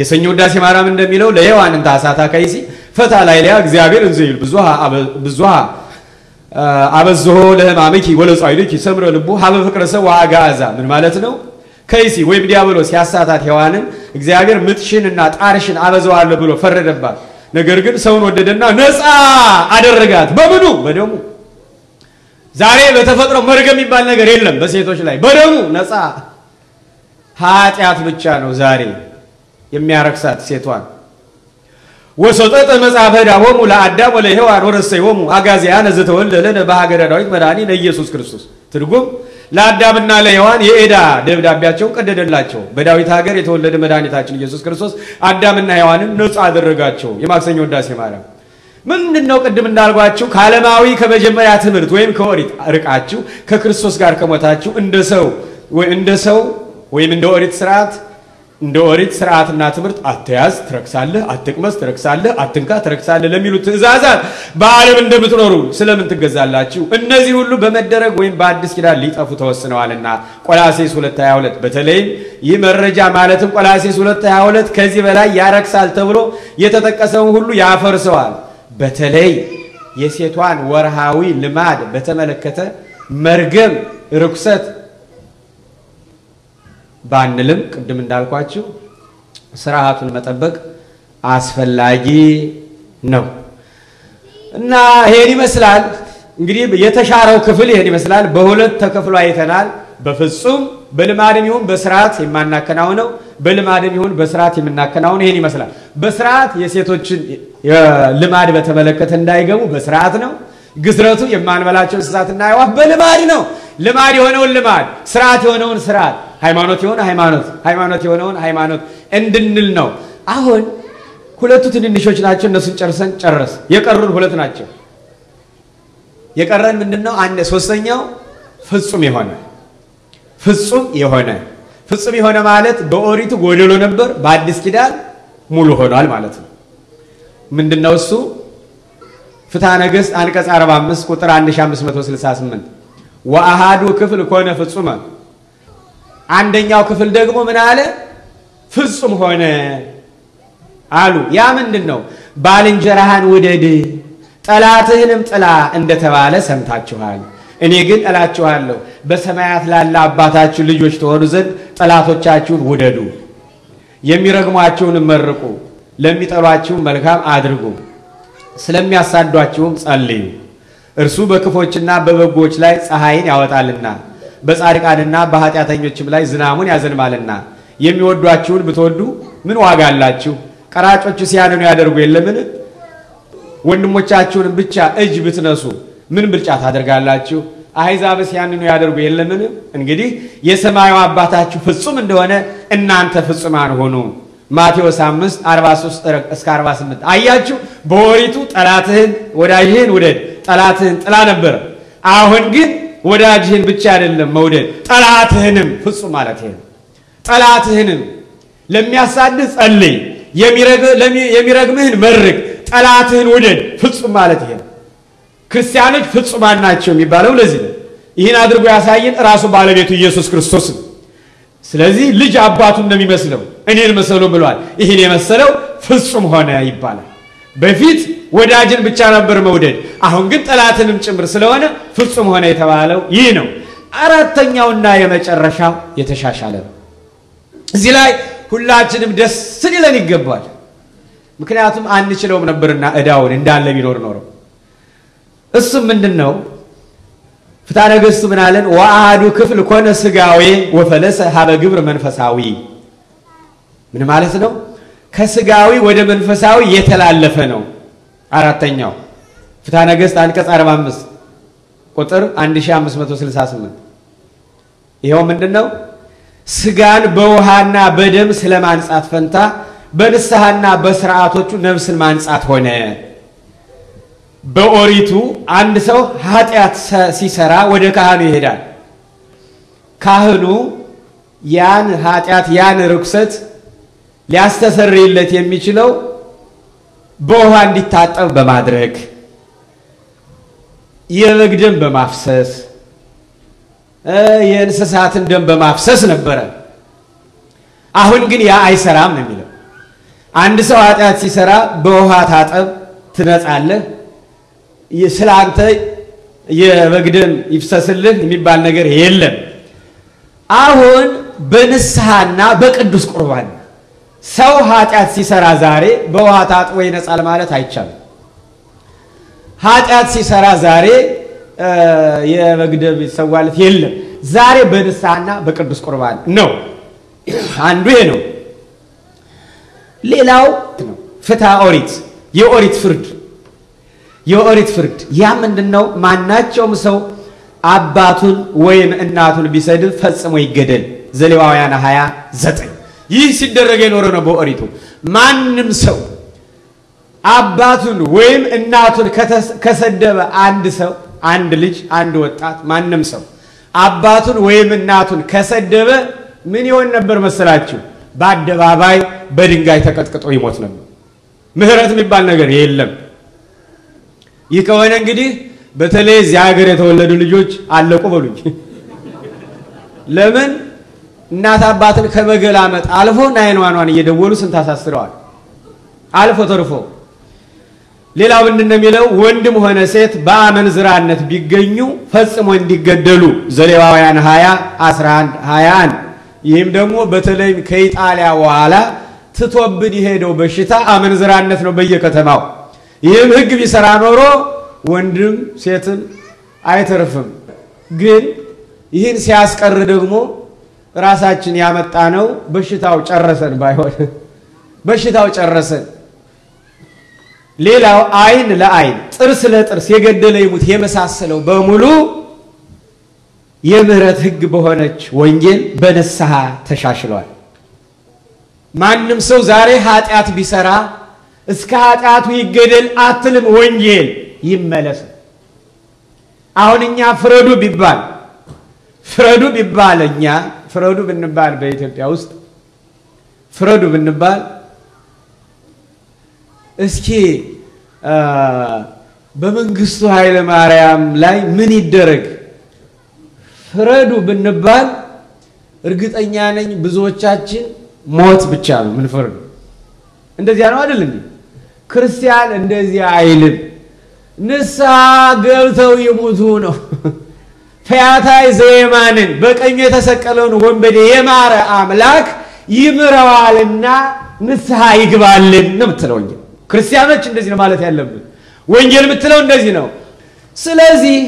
Speaker 1: የሰኞ ውዳሴ ማርያም እንደሚለው ለሔዋን እንተ አሳታ ከይሲ ፈታ ላይ ለያ እግዚአብሔር እንዘ ይል ብዙሃ አበዝሆ ለሕማምኪ ወለጻዕዱኪ ሰምረ ልቡ ሀበ ፍቅረ ሰብ ወአግዓዛ ምን ማለት ነው? ከይሲ ወይም ዲያብሎስ ሲያሳታት ሔዋንን እግዚአብሔር ምጥሽንና ጣርሽን አበዛዋለሁ ብሎ ፈረደባት። ነገር ግን ሰውን ወደደና ነፃ አደረጋት በምኑ በደሙ ዛሬ በተፈጥሮ መርገም የሚባል ነገር የለም። በሴቶች ላይ በደሙ ነፃ ኃጢአት ብቻ ነው ዛሬ የሚያረክሳት ሴቷን። ወሰጠጠ መጽሐፈ ዳሆሙ ለአዳም ወለ ሔዋን ሆሙ ወረሰዮሙ አጋዚያን ዝተወለለነ በሀገረ ዳዊት መድኃኒነ ኢየሱስ ክርስቶስ። ትርጉም ለአዳምና ለሔዋን የኤዳ ደብዳቤያቸው ቀደደላቸው። በዳዊት ሀገር የተወለደ መድኃኒታችን ኢየሱስ ክርስቶስ አዳምና ሔዋንን ነፃ አደረጋቸው። የማክሰኞ ውዳሴ ማርያም ምንድን ነው ቅድም እንዳልጓችሁ ከዓለማዊ ከመጀመሪያ ትምህርት ወይም ከኦሪት ርቃችሁ ከክርስቶስ ጋር ከሞታችሁ እንደ ሰው እንደ ሰው ወይም እንደ ኦሪት ስርዓት እንደ ኦሪት ስርዓትና ትምህርት አትያዝ፣ ትረክሳለህ፣ አትቅመስ፣ ትረክሳለህ፣ አትንካ፣ ትረክሳለህ ለሚሉ ትእዛዛት በዓለም እንደምትኖሩ ስለምን ትገዛላችሁ? እነዚህ ሁሉ በመደረግ ወይም በአዲስ ኪዳን ሊጠፉ ተወስነዋልና ቆላሴስ 2:22 በተለይም ይህ መረጃ ማለትም ቆላሴስ 2:22 ከዚህ በላይ ያረክሳል ተብሎ የተጠቀሰውን ሁሉ ያፈርሰዋል። በተለይ የሴቷን ወርሃዊ ልማድ በተመለከተ መርገም ርኩሰት ባንልም ቅድም እንዳልኳችሁ ስርዓቱን መጠበቅ አስፈላጊ ነው እና ይሄን ይመስላል። እንግዲህ የተሻረው ክፍል ይሄን ይመስላል። በሁለት ተከፍሎ አይተናል። በፍጹም በልማድም ይሁን በስርዓት የማናከናውነው በልማድም ይሁን በስርዓት የምናከናውን ይሄን ይመስላል። በስርዓት የሴቶችን ልማድ በተመለከተ እንዳይገቡ በስርዓት ነው። ግዝረቱ የማንበላቸው እንስሳትና አዕዋፍ በልማድ ነው። ልማድ የሆነውን ልማድ፣ ስርዓት የሆነውን ስርዓት፣ ሃይማኖት የሆነ ሃይማኖት፣ ሃይማኖት የሆነውን ሃይማኖት እንድንል ነው። አሁን ሁለቱ ትንንሾች ናቸው። እነሱን ጨርሰን ጨረስ። የቀሩን ሁለት ናቸው። የቀረን ምንድን ነው? ሶስተኛው ፍጹም የሆነ ፍጹም የሆነ ፍጹም የሆነ ማለት በኦሪቱ ጎደሎ ነበር፣ በአዲስ ኪዳን ሙሉ ሆኗል ማለት ነው። ምንድነው እሱ? ፍትሐ ነገሥት አንቀጽ 45 ቁጥር 1568 ወአሃዱ ክፍል ከሆነ ፍጹመ፣ አንደኛው ክፍል ደግሞ ምን አለ? ፍጹም ሆነ አሉ። ያ ምንድን ነው? ባልንጀራህን ውደድ ጠላትህንም ጥላ እንደተባለ ሰምታችኋል። እኔ ግን እላችኋለሁ በሰማያት ላለ አባታችሁ ልጆች ተሆኑ ዘንድ ጠላቶቻችሁን ውደዱ፣ የሚረግሟችሁን መርቁ፣ ለሚጠሏችሁም መልካም አድርጉ፣ ስለሚያሳዷችሁም ጸልዩ። እርሱ በክፎችና በበጎች ላይ ፀሐይን ያወጣልና በጻድቃንና በኃጢአተኞችም ላይ ዝናሙን ያዘንባልና። የሚወዷችሁን ብትወዱ ምን ዋጋ አላችሁ? ቀራጮቹ ሲያንኑ ያደርጉ የለምን? ወንድሞቻችሁን ብቻ እጅ ብትነሱ ምን ብልጫ ታደርጋላችሁ? አሕዛብስ ያንኑ ያደርጉ የለምን? እንግዲህ የሰማዩ አባታችሁ ፍጹም እንደሆነ እናንተ ፍጹማን ሆኑ። ማቴዎስ 5 43 እስከ 48። አያችሁ፣ በወሪቱ ጠላትህን ወዳጅህን ውደድ። ጠላትህን ጥላ ነበር። አሁን ግን ወዳጅህን ብቻ አይደለም መውደድ፣ ጠላትህንም ፍጹም ማለት ይሄ ጠላትህንም ለሚያሳድድ ጸልይ፣ የሚረግምህን መርቅ፣ ጠላትህን ውደድ። ፍጹም ማለት ይሄ ክርስቲያኖች ፍጹማን ናቸው የሚባለው ለዚህ ነው። ይህን አድርጎ ያሳየን ራሱ ባለቤቱ ኢየሱስ ክርስቶስ ነው። ስለዚህ ልጅ አባቱ እንደሚመስለው እኔን መሰሉ ብሏል። ይህን የመሰለው ፍጹም ሆነ ይባላል። በፊት ወዳጅን ብቻ ነበር መውደድ፣ አሁን ግን ጠላትንም ጭምር ስለሆነ ፍጹም ሆነ የተባለው ይህ ነው። አራተኛውና የመጨረሻው የተሻሻለ ነው። እዚህ ላይ ሁላችንም ደስ ሊለን ይገባል። ምክንያቱም አንችለውም ነበርና እዳውን እንዳለ ቢኖር ኖረው እሱም ምንድን ነው? ፍትሐ ነገሥቱ ምን አለን? ወአሐዱ ክፍል ኮነ ስጋዌ ወፈለሰ ሀበ ግብር መንፈሳዊ። ምን ማለት ነው? ከስጋዊ ወደ መንፈሳዊ የተላለፈ ነው። አራተኛው ፍትሐ ነገሥት አንቀጽ 45 ቁጥር 1568 ይኸው ምንድን ነው? ስጋን በውሃና በደም ስለማንጻት ፈንታ በንስሐና በስርዓቶቹ ነፍስን ማንጻት ሆነ። በኦሪቱ አንድ ሰው ኃጢአት ሲሰራ ወደ ካህኑ ይሄዳል። ካህኑ ያን ኃጢአት ያን ርኩሰት ሊያስተሰርይለት የሚችለው በውሃ እንዲታጠብ በማድረግ የበግ ደም በማፍሰስ የእንስሳትን ደም በማፍሰስ ነበረ። አሁን ግን ያ አይሰራም ነው የሚለው። አንድ ሰው ኃጢአት ሲሰራ በውሃ ታጠብ፣ ትነጻለህ ስለ አንተ የበግ ደም ይፍሰስልህ የሚባል ነገር የለም። አሁን በንስሐና በቅዱስ ቁርባን ሰው ኃጢአት ሲሰራ ዛሬ በውሃ ታጥቦ ይነጻል ማለት አይቻልም። ኃጢአት ሲሰራ ዛሬ የበግ ደም ይሰዋለት የለም። ዛሬ በንስሐና በቅዱስ ቁርባን ነው። አንዱ ይሄ ነው። ሌላው ፍትሐ ኦሪት፣ የኦሪት ፍርድ የኦሪት ፍርድ። ያ ምንድን ነው? ማናቸውም ሰው አባቱን ወይም እናቱን ቢሰድብ ፈጽሞ ይገደል። ዘሌዋውያን 29 ይህ ሲደረግ የኖረ ነው በኦሪቱ። ማንም ሰው አባቱን ወይም እናቱን ከሰደበ አንድ ሰው አንድ ልጅ አንድ ወጣት ማንም ሰው አባቱን ወይም እናቱን ከሰደበ ምን ይሆን ነበር መሰላችሁ? በአደባባይ በድንጋይ ተቀጥቅጦ ይሞት ነበር። ምህረት የሚባል ነገር የለም። ይህ ከሆነ እንግዲህ በተለይ እዚያ ሀገር የተወለዱ ልጆች አለቁ በሉኝ። ለምን እናት አባትን ከመገላመጥ አልፎ ናይንዋኗን እየደወሉ ስንት አሳስረዋል። አልፎ ተርፎ ሌላው ምንድን ነው የሚለው ወንድም ሆነ ሴት በአመንዝራነት ቢገኙ ፈጽሞ እንዲገደሉ ዘሌዋውያን 20 11 21 ይህም ደግሞ በተለይ ከኢጣሊያ በኋላ ትቶብን የሄደው በሽታ አመንዝራነት ነው በየከተማው ይህም ህግ ቢሰራ ኖሮ ወንድም ሴትም አይተርፍም። ግን ይህን ሲያስቀር ደግሞ ራሳችን ያመጣ ነው በሽታው ጨረሰን። ባይሆን በሽታው ጨረሰን። ሌላው አይን ለአይን ጥርስ ለጥርስ የገደለ ይሙት የመሳሰለው በሙሉ የምህረት ህግ በሆነች ወንጌል በንስሐ ተሻሽሏል። ማንም ሰው ዛሬ ኃጢአት ቢሰራ እስከ ኃጢአቱ ይገደል አትልም። ወንጌል ይመለስ። አሁን እኛ ፍረዱ ቢባል ፍረዱ ቢባል እኛ ፍረዱ ብንባል በኢትዮጵያ ውስጥ ፍረዱ ብንባል እስኪ በመንግስቱ ኃይለ ማርያም ላይ ምን ይደረግ ፍረዱ ብንባል እርግጠኛ ነኝ ብዙዎቻችን ሞት ብቻ ነው ምን ፍረዱ እንደዚያ ነው አይደል እንዴ ክርስቲያን እንደዚህ አይልም። ንስሐ ገብተው ይሙቱ ነው። ፈያታይ ዘየማንን በቀኙ የተሰቀለውን ወንበዴ የማረ አምላክ ይምረዋልና ንስሐ ይግባልን ነው የምትለው ወንጌል። ክርስቲያኖች እንደዚህ ነው ማለት ያለብን። ወንጌል የምትለው እንደዚህ ነው። ስለዚህ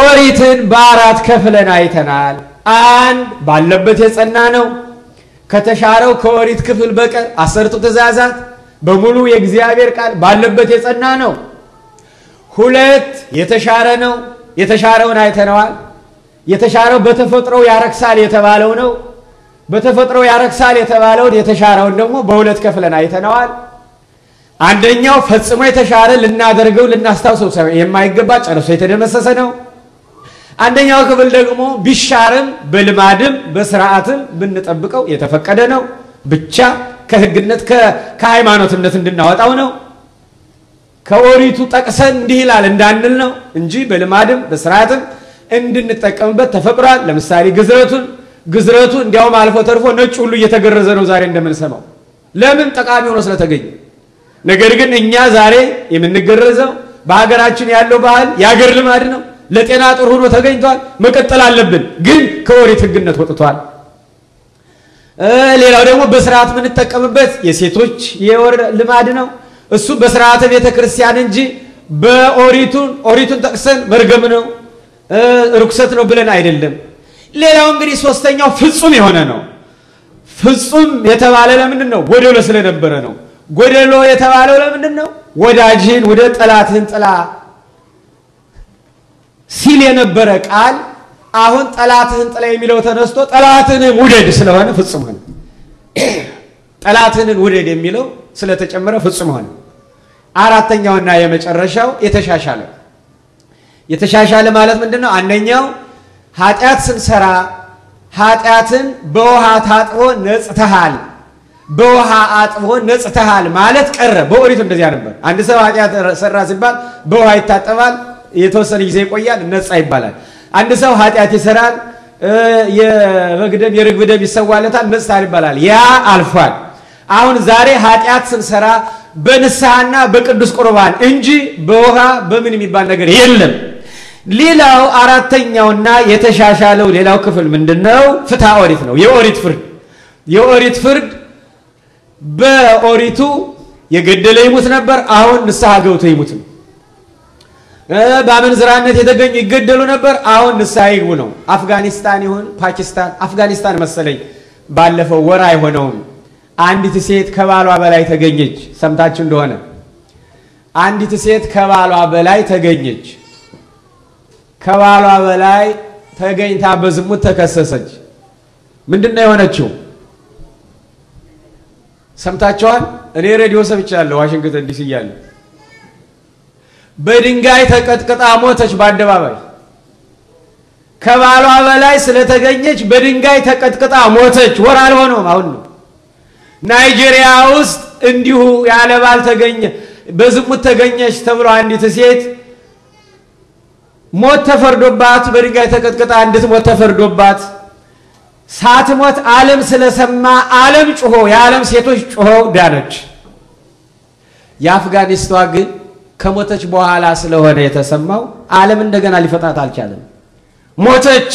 Speaker 1: ኦሪትን በአራት ከፍለን አይተናል። አንድ ባለበት የጸና ነው ከተሻረው ከኦሪት ክፍል በቀር አሰርቱ ትእዛዛት በሙሉ የእግዚአብሔር ቃል ባለበት የጸና ነው። ሁለት የተሻረ ነው። የተሻረውን አይተነዋል። የተሻረው በተፈጥሮ ያረክሳል የተባለው ነው። በተፈጥሮ ያረክሳል የተባለውን የተሻረውን ደግሞ በሁለት ከፍለን አይተነዋል። አንደኛው ፈጽሞ የተሻረ ልናደርገው ልናስታውሰው የማይገባ ጨርሶ የተደመሰሰ ነው። አንደኛው ክፍል ደግሞ ቢሻርም በልማድም በስርዓትም ብንጠብቀው የተፈቀደ ነው ብቻ ከህግነት ከሃይማኖትነት እንድናወጣው ነው። ከኦሪቱ ጠቅሰን እንዲህ ይላል እንዳንል ነው እንጂ በልማድም በስርዓትም እንድንጠቀምበት ተፈቅሯል። ለምሳሌ ግዝረቱን ግዝረቱ እንዲያውም አልፎ ተርፎ ነጭ ሁሉ እየተገረዘ ነው ዛሬ እንደምንሰማው ለምን ጠቃሚ ሆኖ ስለተገኘ። ነገር ግን እኛ ዛሬ የምንገረዘው በሀገራችን ያለው ባህል የሀገር ልማድ ነው። ለጤና ጥሩ ሆኖ ተገኝቷል። መቀጠል አለብን፣ ግን ከወሬት ህግነት ወጥቷል። ሌላው ደግሞ በስርዓት የምንጠቀምበት የሴቶች የወር ልማድ ነው። እሱ በስርዓተ ቤተ ክርስቲያን እንጂ በኦሪቱን ኦሪቱን ጠቅሰን መርገም ነው ርኩሰት ነው ብለን አይደለም። ሌላው እንግዲህ ሶስተኛው ፍጹም የሆነ ነው። ፍጹም የተባለ ለምንድን ነው? ጎደሎ ስለነበረ ነው። ጎደሎ የተባለው ለምንድን ነው? ወዳጅህን ወደ ጠላትህን ጥላ ሲል የነበረ ቃል አሁን ጠላትህን ጥላ የሚለው ተነስቶ ጠላትህን ውደድ ስለሆነ ፍጹም ሆነ። ጠላትህንን ውደድ የሚለው ስለተጨመረ ፍጹም ሆነ። አራተኛውና የመጨረሻው የተሻሻለ የተሻሻለ ማለት ምንድን ነው? አንደኛው ኃጢአት ስንሰራ ኃጢአትን በውሃ ታጥቦ ነጽተሃል፣ በውሃ አጥቦ ነጽተሃል ማለት ቀረ። በኦሪቱ እንደዚያ ነበር። አንድ ሰው ኃጢአት ሰራ ሲባል በውሃ ይታጠባል፣ የተወሰነ ጊዜ ይቆያል፣ ነጻ ይባላል። አንድ ሰው ኃጢአት ይሰራል፣ የበግ ደም የርግብ ደም ይሰዋለታል፣ መጽታን ይባላል። ያ አልፏል። አሁን ዛሬ ኃጢአት ስንሰራ በንስሐና በቅዱስ ቁርባን እንጂ በውሃ በምን የሚባል ነገር የለም። ሌላው አራተኛውና የተሻሻለው ሌላው ክፍል ምንድን ነው? ፍትሐ ኦሪት ነው። የኦሪት ፍርድ የኦሪት ፍርድ በኦሪቱ የገደለ ይሙት ነበር። አሁን ንስሐ ገብቶ ይሙት ነው። በአመንዝራነት የተገኙ ይገደሉ ነበር። አሁን ንስሐ ይግቡ ነው። አፍጋኒስታን ይሁን ፓኪስታን፣ አፍጋኒስታን መሰለኝ ባለፈው ወር አይሆነውም አንዲት ሴት ከባሏ በላይ ተገኘች። ሰምታችሁ እንደሆነ አንዲት ሴት ከባሏ በላይ ተገኘች። ከባሏ በላይ ተገኝታ በዝሙት ተከሰሰች። ምንድን የሆነችው? ሰምታችኋል? እኔ ሬዲዮ ሰምቻለሁ ዋሽንግተን ዲሲ እያለሁ በድንጋይ ተቀጥቅጣ ሞተች። በአደባባይ ከባሏ በላይ ስለተገኘች በድንጋይ ተቀጥቅጣ ሞተች። ወር አልሆነውም አሁን ነው። ናይጄሪያ ውስጥ እንዲሁ ያለ ባል ተገኘ በዝሙት ተገኘች ተብሎ አንዲት ሴት ሞት ተፈርዶባት በድንጋይ ተቀጥቅጣ እንድትሞት ተፈርዶባት ሳትሞት ዓለም ስለሰማ ዓለም ጩሆ የዓለም ሴቶች ጩሆ ዳነች። የአፍጋኒስቷ ግን ከሞተች በኋላ ስለሆነ የተሰማው ዓለም እንደገና ሊፈጣት አልቻለም። ሞተች።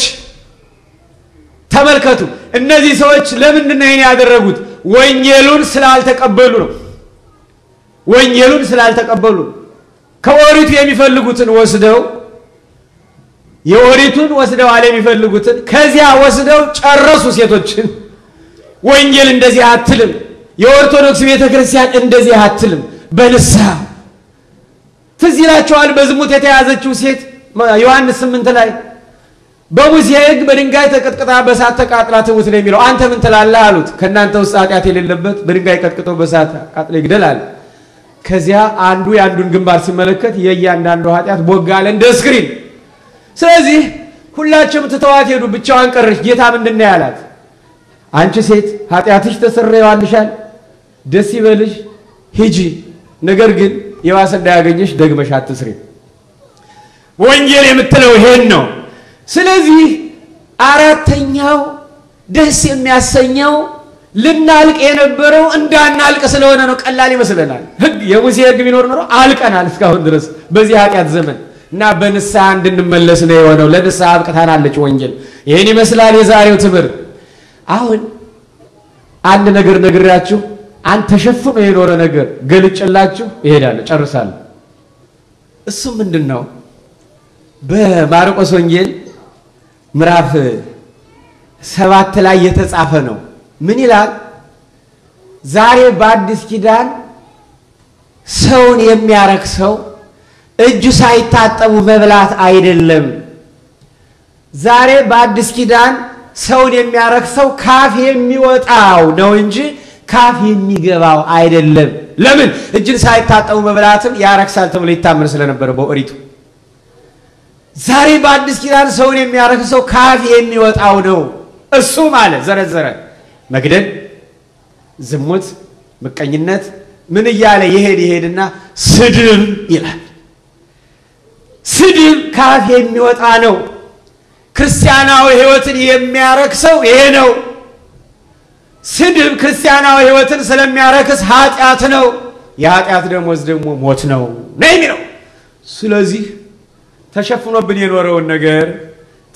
Speaker 1: ተመልከቱ፣ እነዚህ ሰዎች ለምንድን ነው ይሄን ያደረጉት? ወንጌሉን ስላልተቀበሉ ነው። ወንጌሉን ስላልተቀበሉ ከኦሪቱ የሚፈልጉትን ወስደው የኦሪቱን ወስደው አለ የሚፈልጉትን ከዚያ ወስደው ጨረሱ። ሴቶችን ወንጌል እንደዚህ አትልም። የኦርቶዶክስ ቤተክርስቲያን እንደዚህ አትልም። በንስሐ ትዝ ይላቸዋል በዝሙት የተያዘችው ሴት ዮሐንስ ስምንት ላይ በሙሴ ሕግ በድንጋይ ተቀጥቅጣ በሳት ተቃጥላ ትሙት ነው የሚለው። አንተ ምን ትላለህ አሉት። ከእናንተ ውስጥ ኃጢአት የሌለበት በድንጋይ ቀጥቅጦ በሳት ቃጥሎ ይግደል አለ። ከዚያ አንዱ የአንዱን ግንባር ሲመለከት የእያንዳንዱ ኃጢአት ቦጋ አለ እንደ ስክሪን። ስለዚህ ሁላቸውም ትተዋት ሄዱ። ብቻዋን ቀረች። ጌታ ምንድን ነው ያላት? አንቺ ሴት ኃጢአትሽ ተሰረየዋልሻል፣ ደስ ይበልሽ፣ ሂጂ ነገር ግን የባሰ እንዳያገኘሽ ደግመሽ አትስሪ። ወንጌል የምትለው ይሄን ነው። ስለዚህ አራተኛው ደስ የሚያሰኘው ልናልቅ የነበረው እንዳናልቅ ስለሆነ ነው። ቀላል ይመስለናል። ህግ የሙሴ ህግ ቢኖር ኖሮ አልቀናል እስካሁን ድረስ በዚህ ኃጢአት ዘመን እና በንስሐ እንድንመለስ ነው የሆነው። ለንስሐ አብቅታናለች ወንጌል። ይህን ይመስላል የዛሬው ትምህርት። አሁን አንድ ነገር ነግራችሁ አንድ ሸፍኖ የኖረ ነገር ገልጭላችሁ ይሄዳለሁ፣ ጨርሳለሁ። እሱ ምንድን ነው? በማርቆስ ወንጌል ምዕራፍ ሰባት ላይ የተጻፈ ነው። ምን ይላል? ዛሬ በአዲስ ኪዳን ሰውን የሚያረክሰው እጁ ሳይታጠቡ መብላት አይደለም። ዛሬ በአዲስ ኪዳን ሰውን የሚያረክሰው ካፍ የሚወጣው ነው እንጂ ካፍ የሚገባው አይደለም። ለምን? እጅን ሳይታጠቡ መብላትም ያረክሳል ተብሎ ይታመን ስለነበረ በኦሪቱ። ዛሬ በአዲስ ኪዳን ሰውን የሚያረክ ሰው ካፍ የሚወጣው ነው። እሱም አለ ዘረዘረ፣ መግደል፣ ዝሙት፣ ምቀኝነት ምን እያለ ይሄድ ይሄድና ስድብ ይላል። ስድብ ካፍ የሚወጣ ነው። ክርስቲያናዊ ሕይወትን ሰው ይሄ ነው። ስድብ ክርስቲያናዊ ህይወትን ስለሚያረክስ ኃጢአት ነው። የኃጢአት ደሞዝ ደግሞ ሞት ነው ነው የሚለው። ስለዚህ ተሸፍኖብን የኖረውን ነገር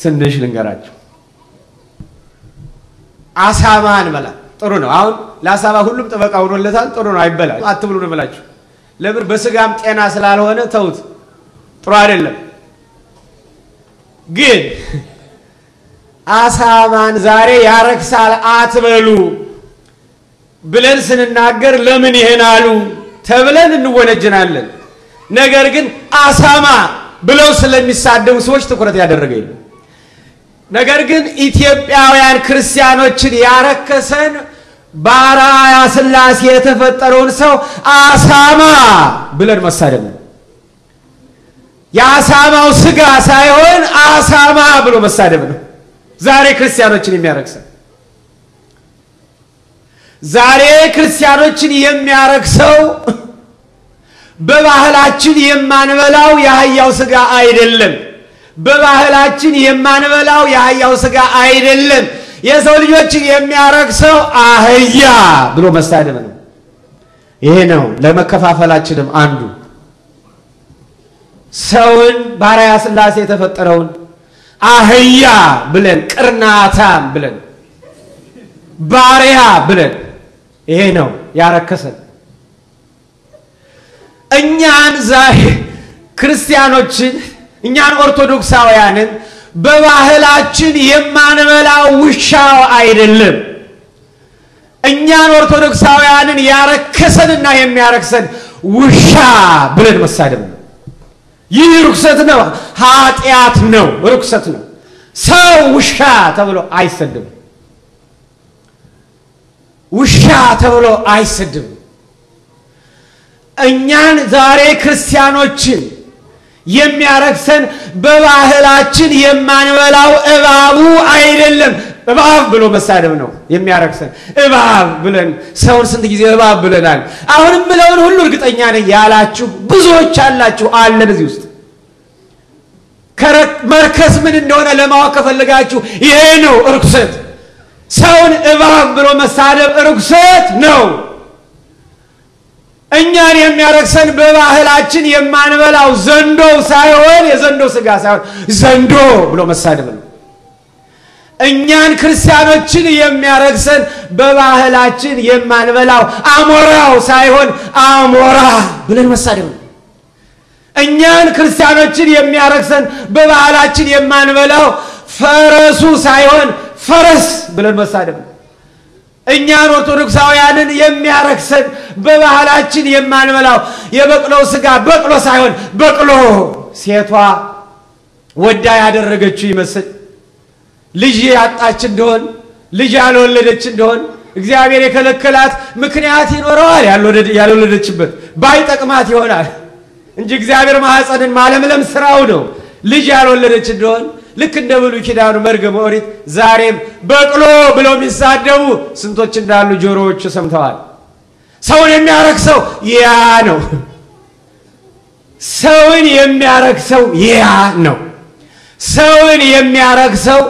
Speaker 1: ትንሽ ልንገራቸው። አሳማ እንበላ ጥሩ ነው። አሁን ለአሳማ ሁሉም ጥበቃ ሆኖለታል። ጥሩ ነው፣ አይበላ አትብሉ ነው ብላችሁ ለምን? በስጋም ጤና ስላልሆነ ተውት፣ ጥሩ አይደለም ግን አሳማን ዛሬ ያረክሳል አትበሉ ብለን ስንናገር ለምን ይሄን አሉ ተብለን እንወነጅናለን። ነገር ግን አሳማ ብለው ስለሚሳደቡ ሰዎች ትኩረት ያደረገ የለም። ነገር ግን ኢትዮጵያውያን ክርስቲያኖችን ያረከሰን በአርአያ ስላሴ የተፈጠረውን ሰው አሳማ ብለን መሳደብ ነው። የአሳማው ስጋ ሳይሆን አሳማ ብሎ መሳደብ ነው። ዛሬ ክርስቲያኖችን የሚያረክሰው ዛሬ ክርስቲያኖችን የሚያረክሰው በባህላችን የማንበላው የአህያው ስጋ አይደለም። በባህላችን የማንበላው የአህያው ስጋ አይደለም። የሰው ልጆችን የሚያረክሰው አህያ ብሎ መሳደብ ነው። ይሄ ነው ለመከፋፈላችንም አንዱ ሰውን ባሪያ ስላሴ የተፈጠረውን አህያ ብለን ቅርናታም ብለን ባሪያ ብለን ይሄ ነው ያረከሰን። እኛን ዛሬ ክርስቲያኖችን እኛን ኦርቶዶክሳውያንን በባህላችን የማንበላ ውሻው አይደለም። እኛን ኦርቶዶክሳውያንን ያረከሰንና የሚያረክሰን ውሻ ብለን መሳደብ ነው። ይህ ርኩሰት ነው፣ ኃጢአት ነው፣ ርኩሰት ነው። ሰው ውሻ ተብሎ አይሰድብም። ውሻ ተብሎ አይሰድብም። እኛን ዛሬ ክርስቲያኖችን የሚያረክሰን በባህላችን የማንበላው አይደለም እባብ ብሎ መሳደብ ነው የሚያረክሰን። እባብ ብለን ሰውን ስንት ጊዜ እባብ ብለናል። አሁንም ብለውን ሁሉ እርግጠኛ ነኝ ያላችሁ ብዙዎች አላችሁ፣ አለን እዚህ ውስጥ መርከስ ምን እንደሆነ ለማወቅ ከፈለጋችሁ ይሄ ነው እርኩሰት ሰውን እባብ ብሎ መሳደብ እርኩሰት ነው። እኛን የሚያረክሰን በባህላችን የማንበላው ዘንዶ ሳይሆን የዘንዶ ስጋ ሳይሆን ዘንዶ ብሎ መሳደብ ነው። እኛን ክርስቲያኖችን የሚያረክሰን በባህላችን የማንበላው አሞራው ሳይሆን አሞራ ብለን መሳደብ ነው። እኛን ክርስቲያኖችን የሚያረክሰን በባህላችን የማንበላው ፈረሱ ሳይሆን ፈረስ ብለን መሳደብ ነው። እኛን ኦርቶዶክሳውያንን የሚያረክሰን በባህላችን የማንበላው የበቅሎ ስጋ በቅሎ ሳይሆን በቅሎ ሴቷ ወዳ ያደረገችው ይመስል ልጅ ያጣች እንደሆን ልጅ ያልወለደች እንደሆን እግዚአብሔር የከለከላት ምክንያት ይኖረዋል። ያልወለደችበት ባይጠቅማት ይሆናል እንጂ እግዚአብሔር ማኅፀንን ማለምለም ስራው ነው። ልጅ ያልወለደች እንደሆን ልክ እንደ ብሉይ ኪዳኑ መርገመ ኦሪት ዛሬም በቅሎ ብለው የሚሳደቡ ስንቶች እንዳሉ ጆሮዎቹ ሰምተዋል። ሰውን የሚያረክሰው ያ ነው። ሰውን የሚያረክሰው ያ ነው። ሰውን ሰው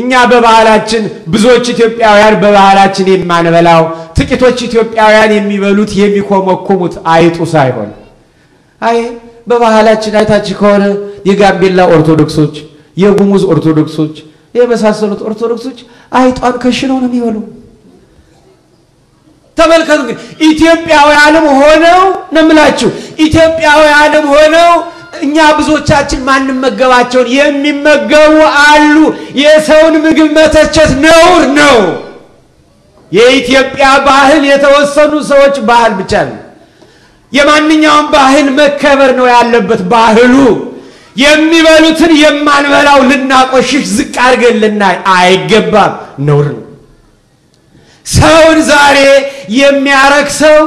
Speaker 1: እኛ በባህላችን ብዙዎች ኢትዮጵያውያን በባህላችን የማንበላው ጥቂቶች ኢትዮጵያውያን የሚበሉት የሚኮመኩሙት አይጡ ሳይሆን አይ በባህላችን አይታች ከሆነ የጋምቤላ ኦርቶዶክሶች፣ የጉሙዝ ኦርቶዶክሶች የመሳሰሉት ኦርቶዶክሶች አይጧን ከሽነው ነው የሚበሉ። ተመልከቱ ግን ኢትዮጵያውያንም ሆነው ነው የምላችሁ ኢትዮጵያውያንም ሆነው እኛ ብዙዎቻችን ማንመገባቸውን የሚመገቡ አሉ። የሰውን ምግብ መተቸት ነውር ነው። የኢትዮጵያ ባህል የተወሰኑ ሰዎች ባህል ብቻ ነው። የማንኛውም ባህል መከበር ነው ያለበት። ባህሉ የሚበሉትን የማንበላው ልናቆሽሽ ዝቅ አድርገን ልናይ አይገባም፣ ነውር ነው። ሰውን ዛሬ የሚያረክሰው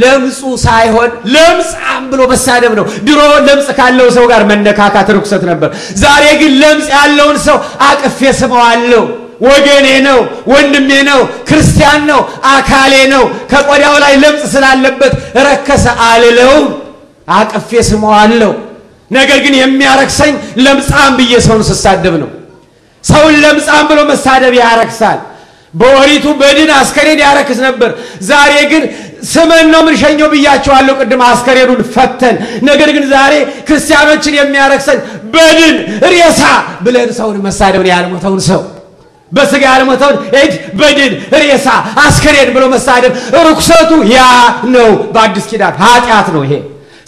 Speaker 1: ለምጹ ሳይሆን ለምጻም ብሎ መሳደብ ነው። ድሮ ለምጽ ካለው ሰው ጋር መነካካት ርኩሰት ነበር። ዛሬ ግን ለምጽ ያለውን ሰው አቅፌ ስመዋለሁ። ወገኔ ነው፣ ወንድሜ ነው፣ ክርስቲያን ነው፣ አካሌ ነው። ከቆዳው ላይ ለምጽ ስላለበት ረከሰ አልለውም፣ አቅፌ ስመዋለሁ። ነገር ግን የሚያረክሰኝ ለምጻም ብዬ ሰውን ስሳደብ ነው። ሰውን ለምጻም ብሎ መሳደብ ያረክሳል። በኦሪቱ በድን አስከሬን ያረክስ ነበር። ዛሬ ግን ስምን ነው የምንሸኘው ብያቸዋለሁ። ቅድም አስከሬኑን ፈተን፣ ነገር ግን ዛሬ ክርስቲያኖችን የሚያረክሰን በድን ሬሳ ብለን ሰውን መሳደብ ነው። ያልሞተውን ሰው በስጋ ያልሞተውን እጅ በድን ሬሳ አስከሬን ብሎ መሳደብ ርኩሰቱ ያ ነው። በአዲስ ኪዳን ኃጢአት ነው ይሄ።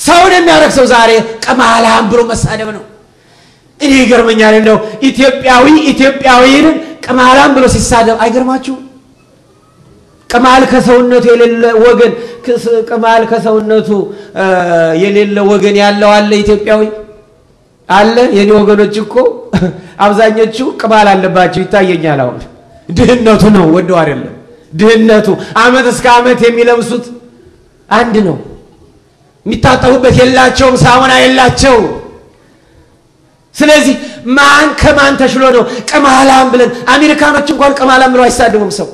Speaker 1: ሰውን የሚያረክሰው ዛሬ ቅማላም ብሎ መሳደብ ነው። እኔ ይገርመኛል። እንደው ኢትዮጵያዊ ኢትዮጵያዊን ቅማላም ብሎ ሲሳደብ አይገርማችሁ? ቅማል ከሰውነቱ የሌለ ወገን ቅማል ከሰውነቱ የሌለ ወገን ያለው አለ ኢትዮጵያዊ አለ። የኔ ወገኖች እኮ አብዛኞቹ ቅማል አለባቸው ይታየኛል። አሁን ድህነቱ ነው ወደው አይደለም ድህነቱ። አመት እስከ አመት የሚለብሱት አንድ ነው። የሚታጠቡበት የላቸውም፣ ሳሙና የላቸው። ስለዚህ ማን ከማን ተሽሎ ነው ቅማላም ብለን አሜሪካኖች እንኳን ቅማላም ብለው አይሳደቡም ሰው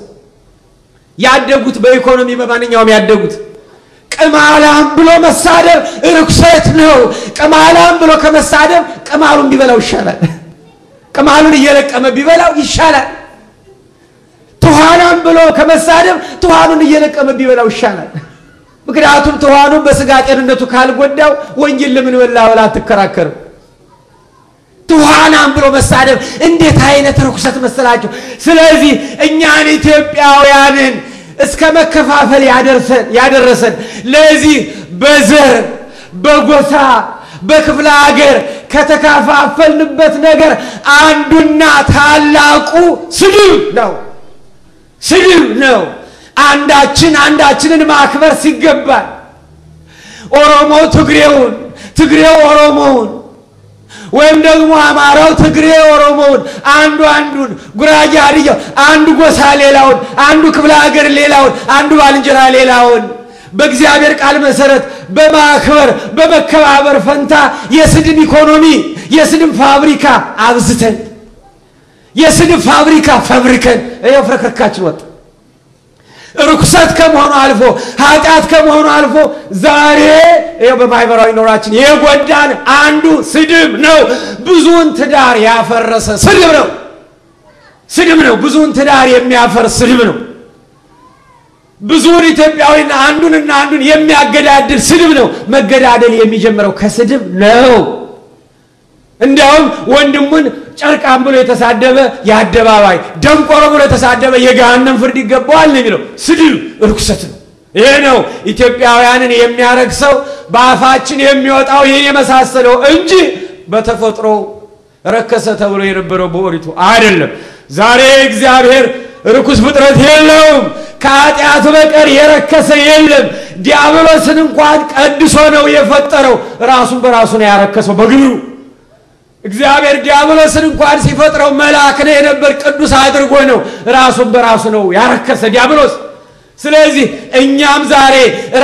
Speaker 1: ያደጉት በኢኮኖሚ በማንኛውም ያደጉት ቅማላም ብሎ መሳደብ ርኩሰት ነው። ቅማላም ብሎ ከመሳደብ ቅማሉን ቢበላው ይሻላል። ቅማሉን እየለቀመ ቢበላው ይሻላል። ትኋናም ብሎ ከመሳደብ ትኋኑን እየለቀመ ቢበላው ይሻላል። ምክንያቱም ትኋኑን በስጋ ጤንነቱ ካልጎዳው ወንጌል ለምን በላ ብላ አትከራከርም። ትኋናም ብሎ መሳደብ እንዴት አይነት ርኩሰት መሰላቸው። ስለዚህ እኛን ኢትዮጵያውያንን እስከ መከፋፈል ያደረሰን ለዚህ በዘር በጎሳ በክፍለ ሀገር ከተከፋፈልንበት ነገር አንዱና ታላቁ ስድብ ነው። ስድብ ነው። አንዳችን አንዳችንን ማክበር ሲገባል ኦሮሞው ትግሬውን፣ ትግሬው ኦሮሞውን ወይም ደግሞ አማራው ትግሬ ኦሮሞውን፣ አንዱ አንዱን፣ ጉራጌ ሀዲያ፣ አንዱ ጎሳ ሌላውን፣ አንዱ ክፍለ ሀገር ሌላውን፣ አንዱ ባልንጀራ ሌላውን በእግዚአብሔር ቃል መሰረት በማክበር በመከባበር ፈንታ የስድብ ኢኮኖሚ የስድብ ፋብሪካ አብዝተን የስድብ ፋብሪካ ፈብርከን ይኸው ፍረክርካችን ወጣ። ርኩሰት ከመሆኑ አልፎ ኃጢአት ከመሆኑ አልፎ ዛሬ ይኸው በማህበራዊ ኖራችን የጎዳን አንዱ ስድብ ነው። ብዙውን ትዳር ያፈረሰ ስድብ ነው። ስድብ ነው። ብዙውን ትዳር የሚያፈርስ ስድብ ነው። ብዙውን ኢትዮጵያዊና አንዱንና አንዱን የሚያገዳድል ስድብ ነው። መገዳደል የሚጀምረው ከስድብ ነው። እንዲያውም ወንድሙን ጨርቃም ብሎ የተሳደበ የአደባባይ ደንቆሮ ብሎ የተሳደበ የገሃነም ፍርድ ይገባዋል ነው የሚለው። ስድብ ርኩሰት ነው። ይሄ ነው ኢትዮጵያውያንን የሚያረግ ሰው በአፋችን የሚወጣው ይህን የመሳሰለው እንጂ በተፈጥሮ ረከሰ ተብሎ የነበረው በኦሪቱ አይደለም። ዛሬ እግዚአብሔር ርኩስ ፍጥረት የለውም። ከኃጢአቱ በቀር የረከሰ የለም። ዲያብሎስን እንኳን ቀድሶ ነው የፈጠረው። ራሱን በራሱ ነው ያረከሰው በግብሩ እግዚአብሔር ዲያብሎስን እንኳን ሲፈጥረው መልአክ ነው የነበር ቅዱስ አድርጎ ነው። ራሱን በራሱ ነው ያረከሰ ዲያብሎስ። ስለዚህ እኛም ዛሬ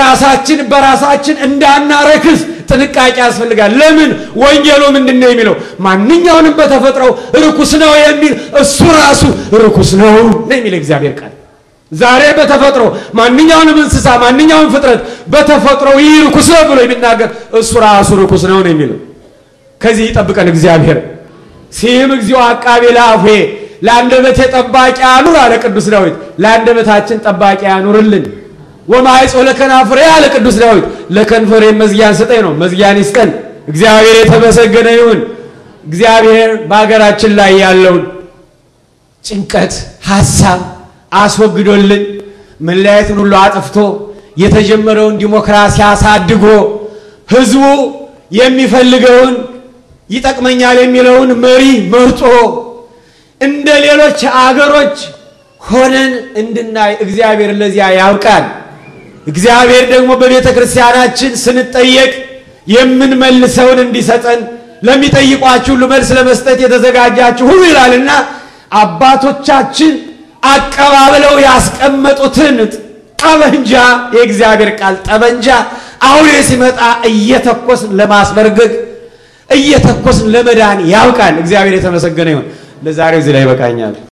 Speaker 1: ራሳችን በራሳችን እንዳናረክስ ጥንቃቄ ያስፈልጋል። ለምን? ወንጌሉ ምንድን ነው የሚለው? ማንኛውንም በተፈጥረው ርኩስ ነው የሚል እሱ ራሱ ርኩስ ነው ነው የሚል እግዚአብሔር ቃል። ዛሬ በተፈጥሮ ማንኛውንም እንስሳ ማንኛውንም ፍጥረት በተፈጥሮ ይህ ርኩስ ነው ብሎ የሚናገር እሱ ራሱ ርኩስ ነው ነው የሚለው ከዚህ ይጠብቀን እግዚአብሔር። ሲም እግዚኦ አቃቤ ለአፌ ለአንደበቴ ጠባቂ አኑር አለ ቅዱስ ዳዊት። ለአንደበታችን ጠባቂ አኑርልን። ወማይጾ ለከናፍሬ አለ ቅዱስ ዳዊት። ለከንፈሬ መዝጊያን ስጠኝ ነው። መዝጊያን ይስጠን እግዚአብሔር የተመሰገነ ይሁን። እግዚአብሔር በሀገራችን ላይ ያለውን ጭንቀት ሀሳብ አስወግዶልን መለያየትን ሁሉ አጥፍቶ የተጀመረውን ዲሞክራሲ አሳድጎ ህዝቡ የሚፈልገውን ይጠቅመኛል የሚለውን መሪ መርጦ እንደ ሌሎች አገሮች ሆነን እንድናይ እግዚአብሔር ለዚያ ያብቃል። እግዚአብሔር ደግሞ በቤተ ክርስቲያናችን ስንጠየቅ የምንመልሰውን እንዲሰጠን ለሚጠይቋችሁ ሁሉ መልስ ለመስጠት የተዘጋጃችሁ ሁሉ ይላልና አባቶቻችን አቀባብለው ያስቀመጡትን ጠበንጃ የእግዚአብሔር ቃል ጠበንጃ አውሬ ሲመጣ እየተኮስ ለማስበርገግ እየተኮስን ለመዳን ያውቃል። እግዚአብሔር የተመሰገነ ይሁን። ለዛሬው እዚህ ላይ ይበቃኛል።